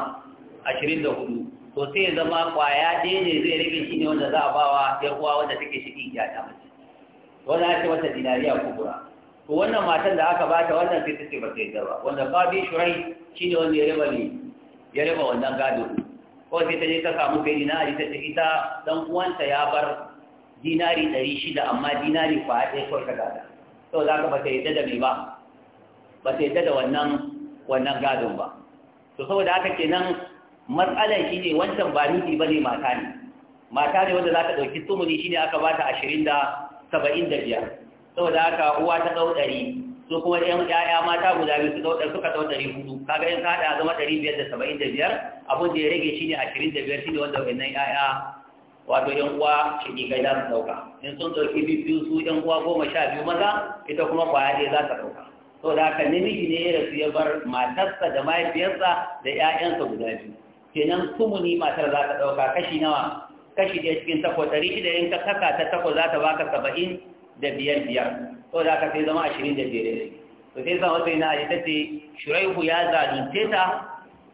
ashirin da hudu to sai zama kwaya ɗaya ne zai rike shi ne wanda za a bawa yan uwa wanda take shiki ya ta mace wanda ya ce wata dinariya kubura to wannan matan da aka bata wannan sai take ba sai ba wanda babi shurai shine wanda ya raba ne ya raba wannan gado kawai sai ta je ta samu kai dinari ta ce ita dan uwanta ya bar dinari ɗari shida amma dinari a ɗaya kawai ta gada to za ka ba ta yadda da mai ba ba ta yadda da wannan wannan gadon ba to saboda haka kenan matsalar shi ne wancan ba nufi ba ne mata ne mata ne wanda za ta ɗauki sumuni shi ne aka ba ta ashirin da saba'in da biyar saboda haka uwa ta ɗau ɗari so kuma ɗan yaya mata guda biyu suka ɗau suka ɗau ɗari hudu kaga in ka haɗa zama ɗari biyar da saba'in da biyar abin da ya rage shi ne ashirin da biyar shi ne wanda wa'annan yaya wato ƴan uwa shaƙiƙai za su ɗauka in sun ɗauki biyu su ƴan uwa goma sha biyu maza ita kuma kwaya ɗaya za ta ɗauka to da haka namiji ne ya rasu ya bar matarsa da mahaifiyarsa da ƴaƴansa guda biyu kenan sumuni matar za ta ɗauka kashi nawa kashi ɗaya cikin takwas ɗari shida in ka kaka ta takwas za ta baka saba'in da biyar biyar ko da aka sai zama ashirin da biyar ne to sai zama sai na ali ta ce shuraihu ya zalunce ta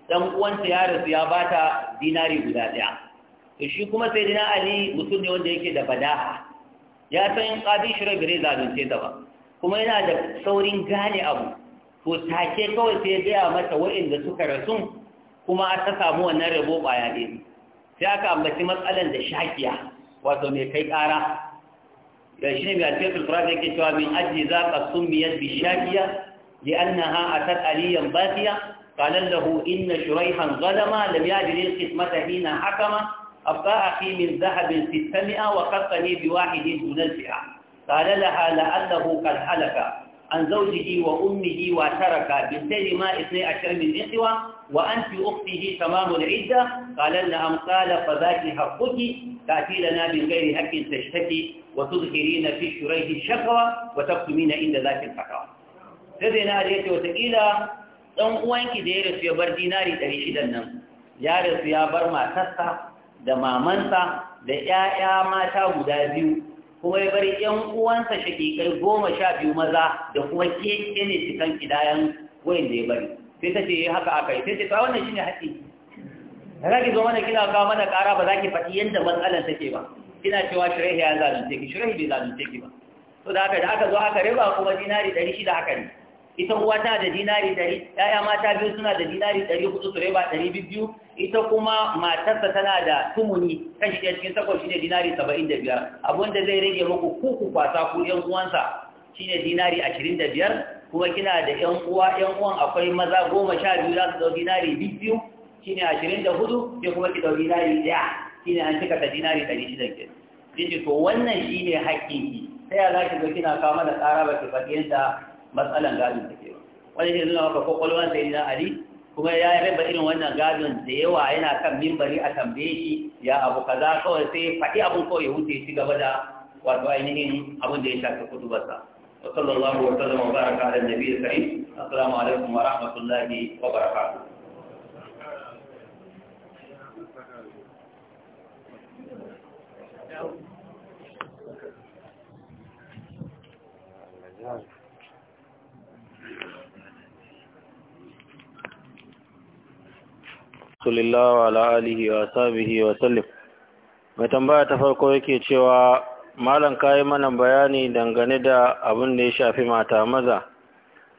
dan uwanta ya rasu ya bata dinari guda ɗaya to shi kuma sai dina ali mutum ne wanda yake da badaha ya san in qadi shuraihu bai zalunce ta ba kuma yana da saurin gane abu to take kawai sai ya gaya mata waɗanda suka rasu kuma a ta samu wannan rabo ɓaya sai aka ambaci matsalan da shakiya wato mai kai ƙara gashi ne mai cikin furafi yake cewa min ajiye za ka sun biyar bishakiya da an a tattaliyan bafiya kanan da hu inna shirai han zalama da biya da nil kismata yi a ba a fi min zahabin sistemiya wa karka ne bi wahidi dunar fiya kanan da ha kan halaka an zauji wa ummihi wa taraka bin tani ma isai a shirmin وأنت أخته تمام العدة قال نعم قال فذاك حقك تأتي لنا من غير حق تشتكي وتظهرين في شريه الشكوى وتكتمين عند ذاك الفقرة sai na da yake wataƙila ɗan uwanki da ya rasu ya bar dinari ɗari shidan nan ya rasu ya bar matarsa da mamansa da ‘ya'ya mata guda biyu kuma ya bar ‘yan uwansa shakikai goma sha biyu maza da kuma keke ne cikin kidayen wayan da ya bari sai ta ce yi eh, haka aka yi sai ce ta wannan shi ne haƙi da za ki zo mana kina kawo mana ƙara ba za ki faɗi yadda matsalar take ba kina cewa shirahi ya zalunce ki shirahi bai zalunce ki ba to da haka da aka zo aka riba kuma dinari ɗari shida haka ne ita uwa ta da dinari ɗari ɗaya mata biyu suna da dinari ɗari hudu su riba ɗari biyu ita kuma matarsa tana da tumuni kan shi cikin sakon shi ne dinari saba'in da biyar abin da zai rage muku kuku kwasa ku ƴan uwansa shi ne dinari ashirin da biyar kuma kina da ƴan uwa ƴan uwan akwai maza goma sha biyu za su ɗau dinari biyu shine ashirin da hudu sai kuma ki ɗau dinari ɗaya shine an cika ta dinari ɗari shida ke sai to wannan shine hakkin ki ta ya za ki zo kina kawo mana tsara ba ki faɗi yadda matsalan gadon take ba wani shi nuna maka kwakwalwa sai na ali kuma ya yi rabba irin wannan gadon da yawa yana kan mimbari a tambaye shi ya abu kaza kawai sai faɗi abun kawai ya wuce shi gaba da wato ainihin abin da ya shafi sa وصلى الله وسلم وبارك على النبي الكريم السلام عليكم ورحمة الله وبركاته ala alihi wa sahbihi wa sallim mai tambaya ta farko yake cewa malam kayi mana bayani dangane da abin da ya shafi mata maza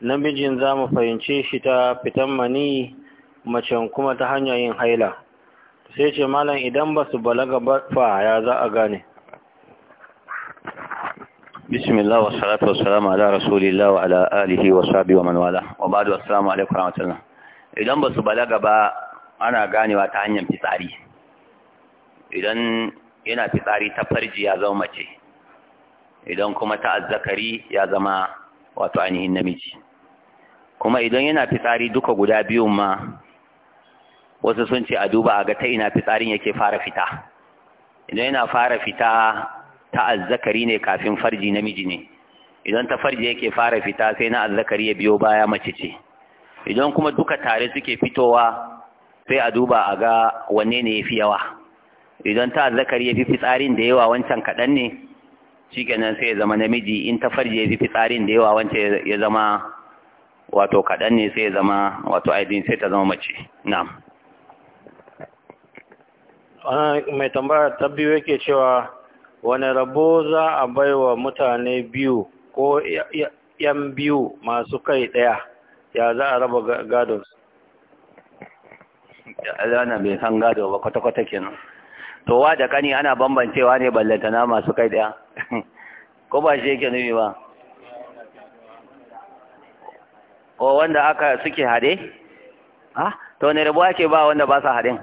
namijin za mu fahimce shi ta fitan mani macen kuma ta hanyar yin haila sai ce malam idan ba su balaga ba fa ya za a gane bismillah wa salatu wa salamu ala rasulillah wa ala alihi wa sahbihi wa man wala wa ba'du assalamu alaikum wa rahmatullah idan ba su balaga ba ana ganewa ta hanyar fitsari idan yana fitsari ta farji ya zama mace idan kuma ta azzakari ya zama wato ainihin namiji kuma idan yana fitsari duka guda biyun ma wasu sun ce a duba a ga ta ina fitsarin yake fara fita idan yana fara fita ta azzakari ne kafin farji namiji ne idan ta farji yake fara fita sai na azzakari ya biyo baya mace ce idan kuma duka tare suke fitowa sai a duba a ga wanne ne ya fi yawa idan ta zakari ya fi fitsarin da yawa wancan kaɗan ne shi kenan sai ya zama namiji in ta farji ya fi fitsarin da yawa wancan ya zama wato kaɗan ne sai ya zama wato aidin sai ta zama mace na'am mai tambaya ta biyu yake cewa wani rabo za a bai wa mutane biyu ko yan biyu masu kai ɗaya ya za a raba gados? ya zana bai san gado ba kwata-kwata kenan to wa da kani ana bambancewa ne ballantana masu kai daya ko ba shi yake nufi ba ko wanda aka suke hade ah to ne rabuwa ke ba wanda ba sa hadin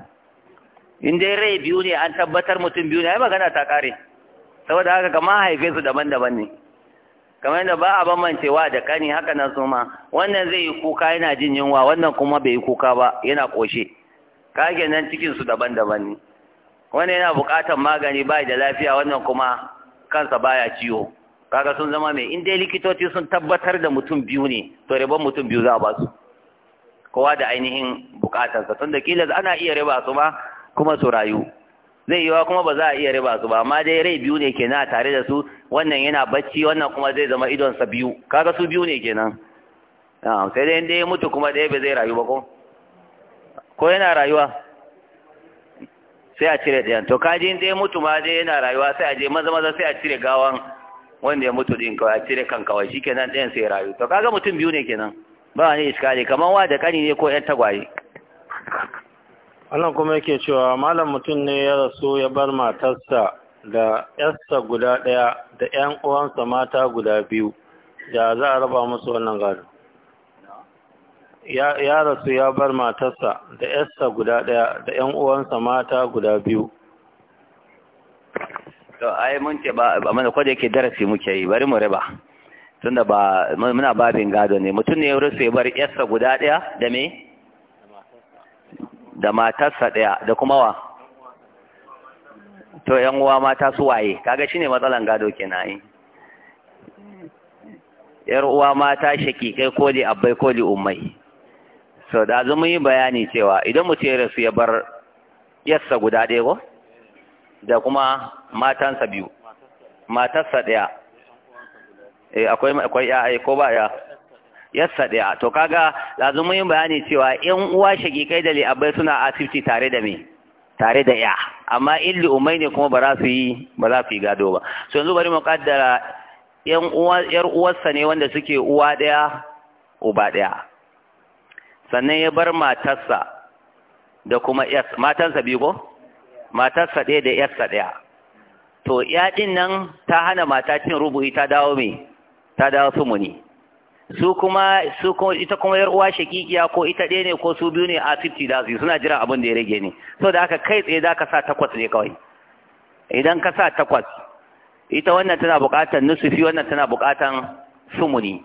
in dai rai biyu ne an tabbatar mutum biyu ne ai magana ta kare saboda haka kama haife su daban-daban ne kamar yadda ba a bambancewa da kani haka nan su ma wannan zai yi kuka yana jin yunwa wannan kuma bai yi kuka ba yana koshe kage nan cikin su daban-daban ne wani yana buƙatar magani bai da lafiya wannan kuma kansa baya ciwo kaga sun zama mai in dai likitoci sun tabbatar da mutum biyu ne to rabon mutum biyu za a ba su kowa da ainihin buƙatarsa tun da kila ana iya riba su ba, kuma su rayu zai yiwa kuma ba za a iya riba su ba amma dai rai biyu ne kenan tare da su wannan yana bacci wannan kuma zai zama idonsa biyu kaga su biyu ne kenan sai dai inda ya mutu kuma ɗaya ba zai rayu ba ko ko yana rayuwa sai a cire ɗayan to kaji in ɗaya mutu ma dai yana rayuwa sai a je maza maza sai a cire gawan wanda ya mutu din kawai a cire kan kawai shi kenan ɗayan sai rayu to kaga mutum biyu ne kenan ba wani iskali kamar wa da ƙani ne ko ƴan tagwaye wannan kuma yake cewa malam mutum ne ya rasu ya bar matarsa da yarsa guda ɗaya da ƴan uwansa mata guda biyu da za a raba musu wannan gado ya rasu ya bar matarsa da yarsa guda ɗaya da ‘yan uwansa mata guda biyu. To, ai mun ce ba, ba mana kwada yake darasi muke yi, bari mu riba. Tunda ba, muna babin gado ne, mutum ne ya rasu ya bar yarsa guda ɗaya da me? Da matarsa ɗaya, da kuma wa? To, ‘yan uwa mata su waye, kaga shi ne matsalan gado kenan yi. ‘Yar uwa mata shaki kai koli abbai koli li ummai. so da zama yi bayani cewa idan mutum ya rasu ya bar yassa guda ɗaya ko da kuma matansa biyu matarsa ɗaya eh akwai akwai ya'ai eh, ko ba ya yassa ɗaya to kaga da zama yi bayani cewa in uwa kai da li'abai suna asibiti tare da me tare da ya amma in li'umai ne kuma ba za su yi ba za su yi gado ba so yanzu bari mu kaddara 'yan uwa uwarsa ne wanda suke uwa ɗaya uba ɗaya sannan ya bar matarsa da kuma yas matarsa biyu ko matarsa ɗaya da yarsa ɗaya to ya ɗin nan ta hana mata cin rubuhi ta dawo me ta dawo muni. su kuma su kuma ita kuma yar uwa shakikiya ko ita ɗaya ne ko su biyu ne a fifty da su suna jira abin da ya rage ne so da aka kai tsaye za ka sa takwas ne kawai idan ka sa takwas ita wannan tana buƙatar nusufi wannan tana buƙatar sumuni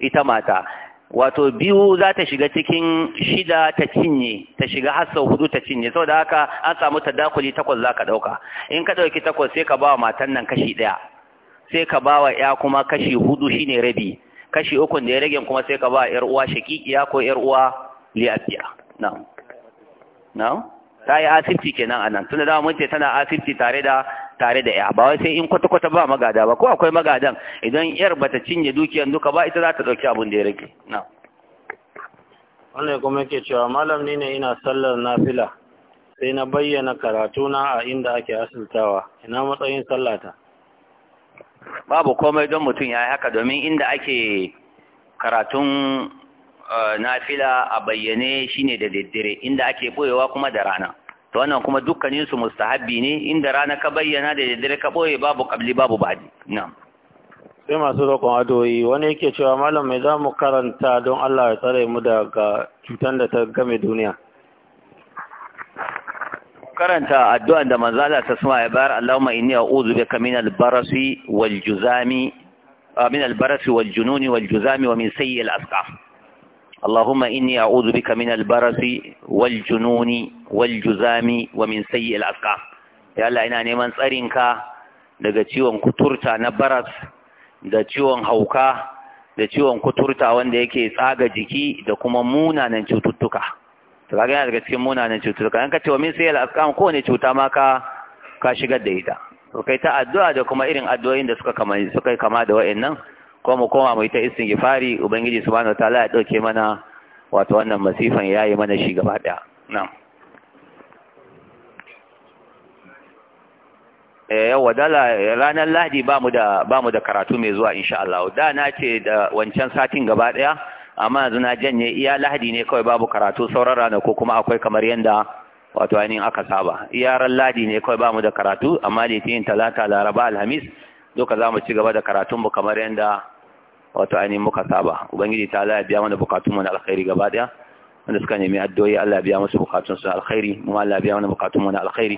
ita mata wato biyu za ta shiga cikin shida ta cinye ta shiga har hudu ta cinye saboda haka an samu ta dakuli takwas za ka ɗauka in ka ɗauki takwas sai ka bawa matan nan kashi ɗaya sai ka bawa wa ya kuma kashi hudu ne rabi kashi uku da ya rage kuma sai ka bawa yar uwa shaƙiƙiya ko yar uwa liyafiya na ta yi asibiti kenan a nan tunda dama mun ce tana asibiti tare da tare da ya ba wai sai in kwata-kwata ba magada ba ko akwai magadan idan yar bata cinye dukiyar duka ba ita za ta dauki abun da ya rage na wannan kuma yake cewa malam ni ne ina sallar nafila sai na bayyana karatuna a inda ake asultawa, ina matsayin sallata babu komai don mutum ya haka domin inda ake karatun Eh, nafila a bayyane shine da daddare inda ake boyewa kuma da rana to wannan kuma dukkanin su mustahabbi ne inda rana ka bayyana da daddare ka boye babu qabli babu ba'di na'am sai masu roƙon adoyi wani yake cewa malam mai zamu karanta don Allah ya tsare mu daga cutar da ta game duniya karanta addu'an da manzo Allah ta suma ya bayar Allahumma inni a'udhu bika min al-barasi wal ah, wal jununi wal juzami wa min sayyi al اللهم إني أعوذ بك من البرس والجنون والجزام ومن سيء الأسقام يا الله إنا نيمان تسأرينك daga ciwon kuturta na baras da ciwon hauka da ciwon kuturta wanda yake tsaga jiki da kuma munanan cututtuka to kaga yana daga cikin munanan cututtuka an kace wa min sayyal asqam ko ne cuta ma ka ka shigar da ita to kai ta addu'a da kuma irin addu'o'in da suka kama suka kama da wayennan ko mu koma mu yi ta istighfari ubangiji subhanahu wataala ya dauke mana wato wannan masifan yayi mana shi gaba daya na'am eh dala ranar lahadi ba da da karatu mai zuwa insha Allah da na ce da wancan satin gaba daya amma yanzu na janye iya lahadi ne kawai babu karatu sauran ko kuma akwai kamar yanda wato ainihin aka saba iya ran lahadi ne kawai ba mu da karatu amma litinin talata laraba alhamis duka za mu ci gaba da karatunmu kamar yadda wato ainihin muka saba ubangiji ta Allah ya biya mana bukatunmu na alkhairi gaba daya wanda suka nemi addu'o'i Allah biya musu bukatunsu na alkhairi mu Allah ya biya mana bukatunmu na alkhairi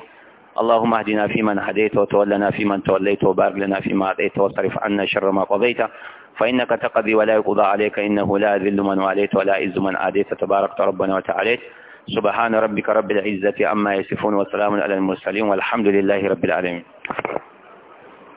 Allahumma hdina fi man hadaita wa tawallana fi man tawallaita wa barik lana fi ma ataita wa sarif anna sharra ma qadaita fa innaka taqdi wa la yuqda alayka innahu la yadhillu man walaita wa la yu'izzu man adaita tabaarakta rabbana wa ta'ala سبحان ربك رب العزة عما يصفون وسلام على المرسلين والحمد لله رب العالمين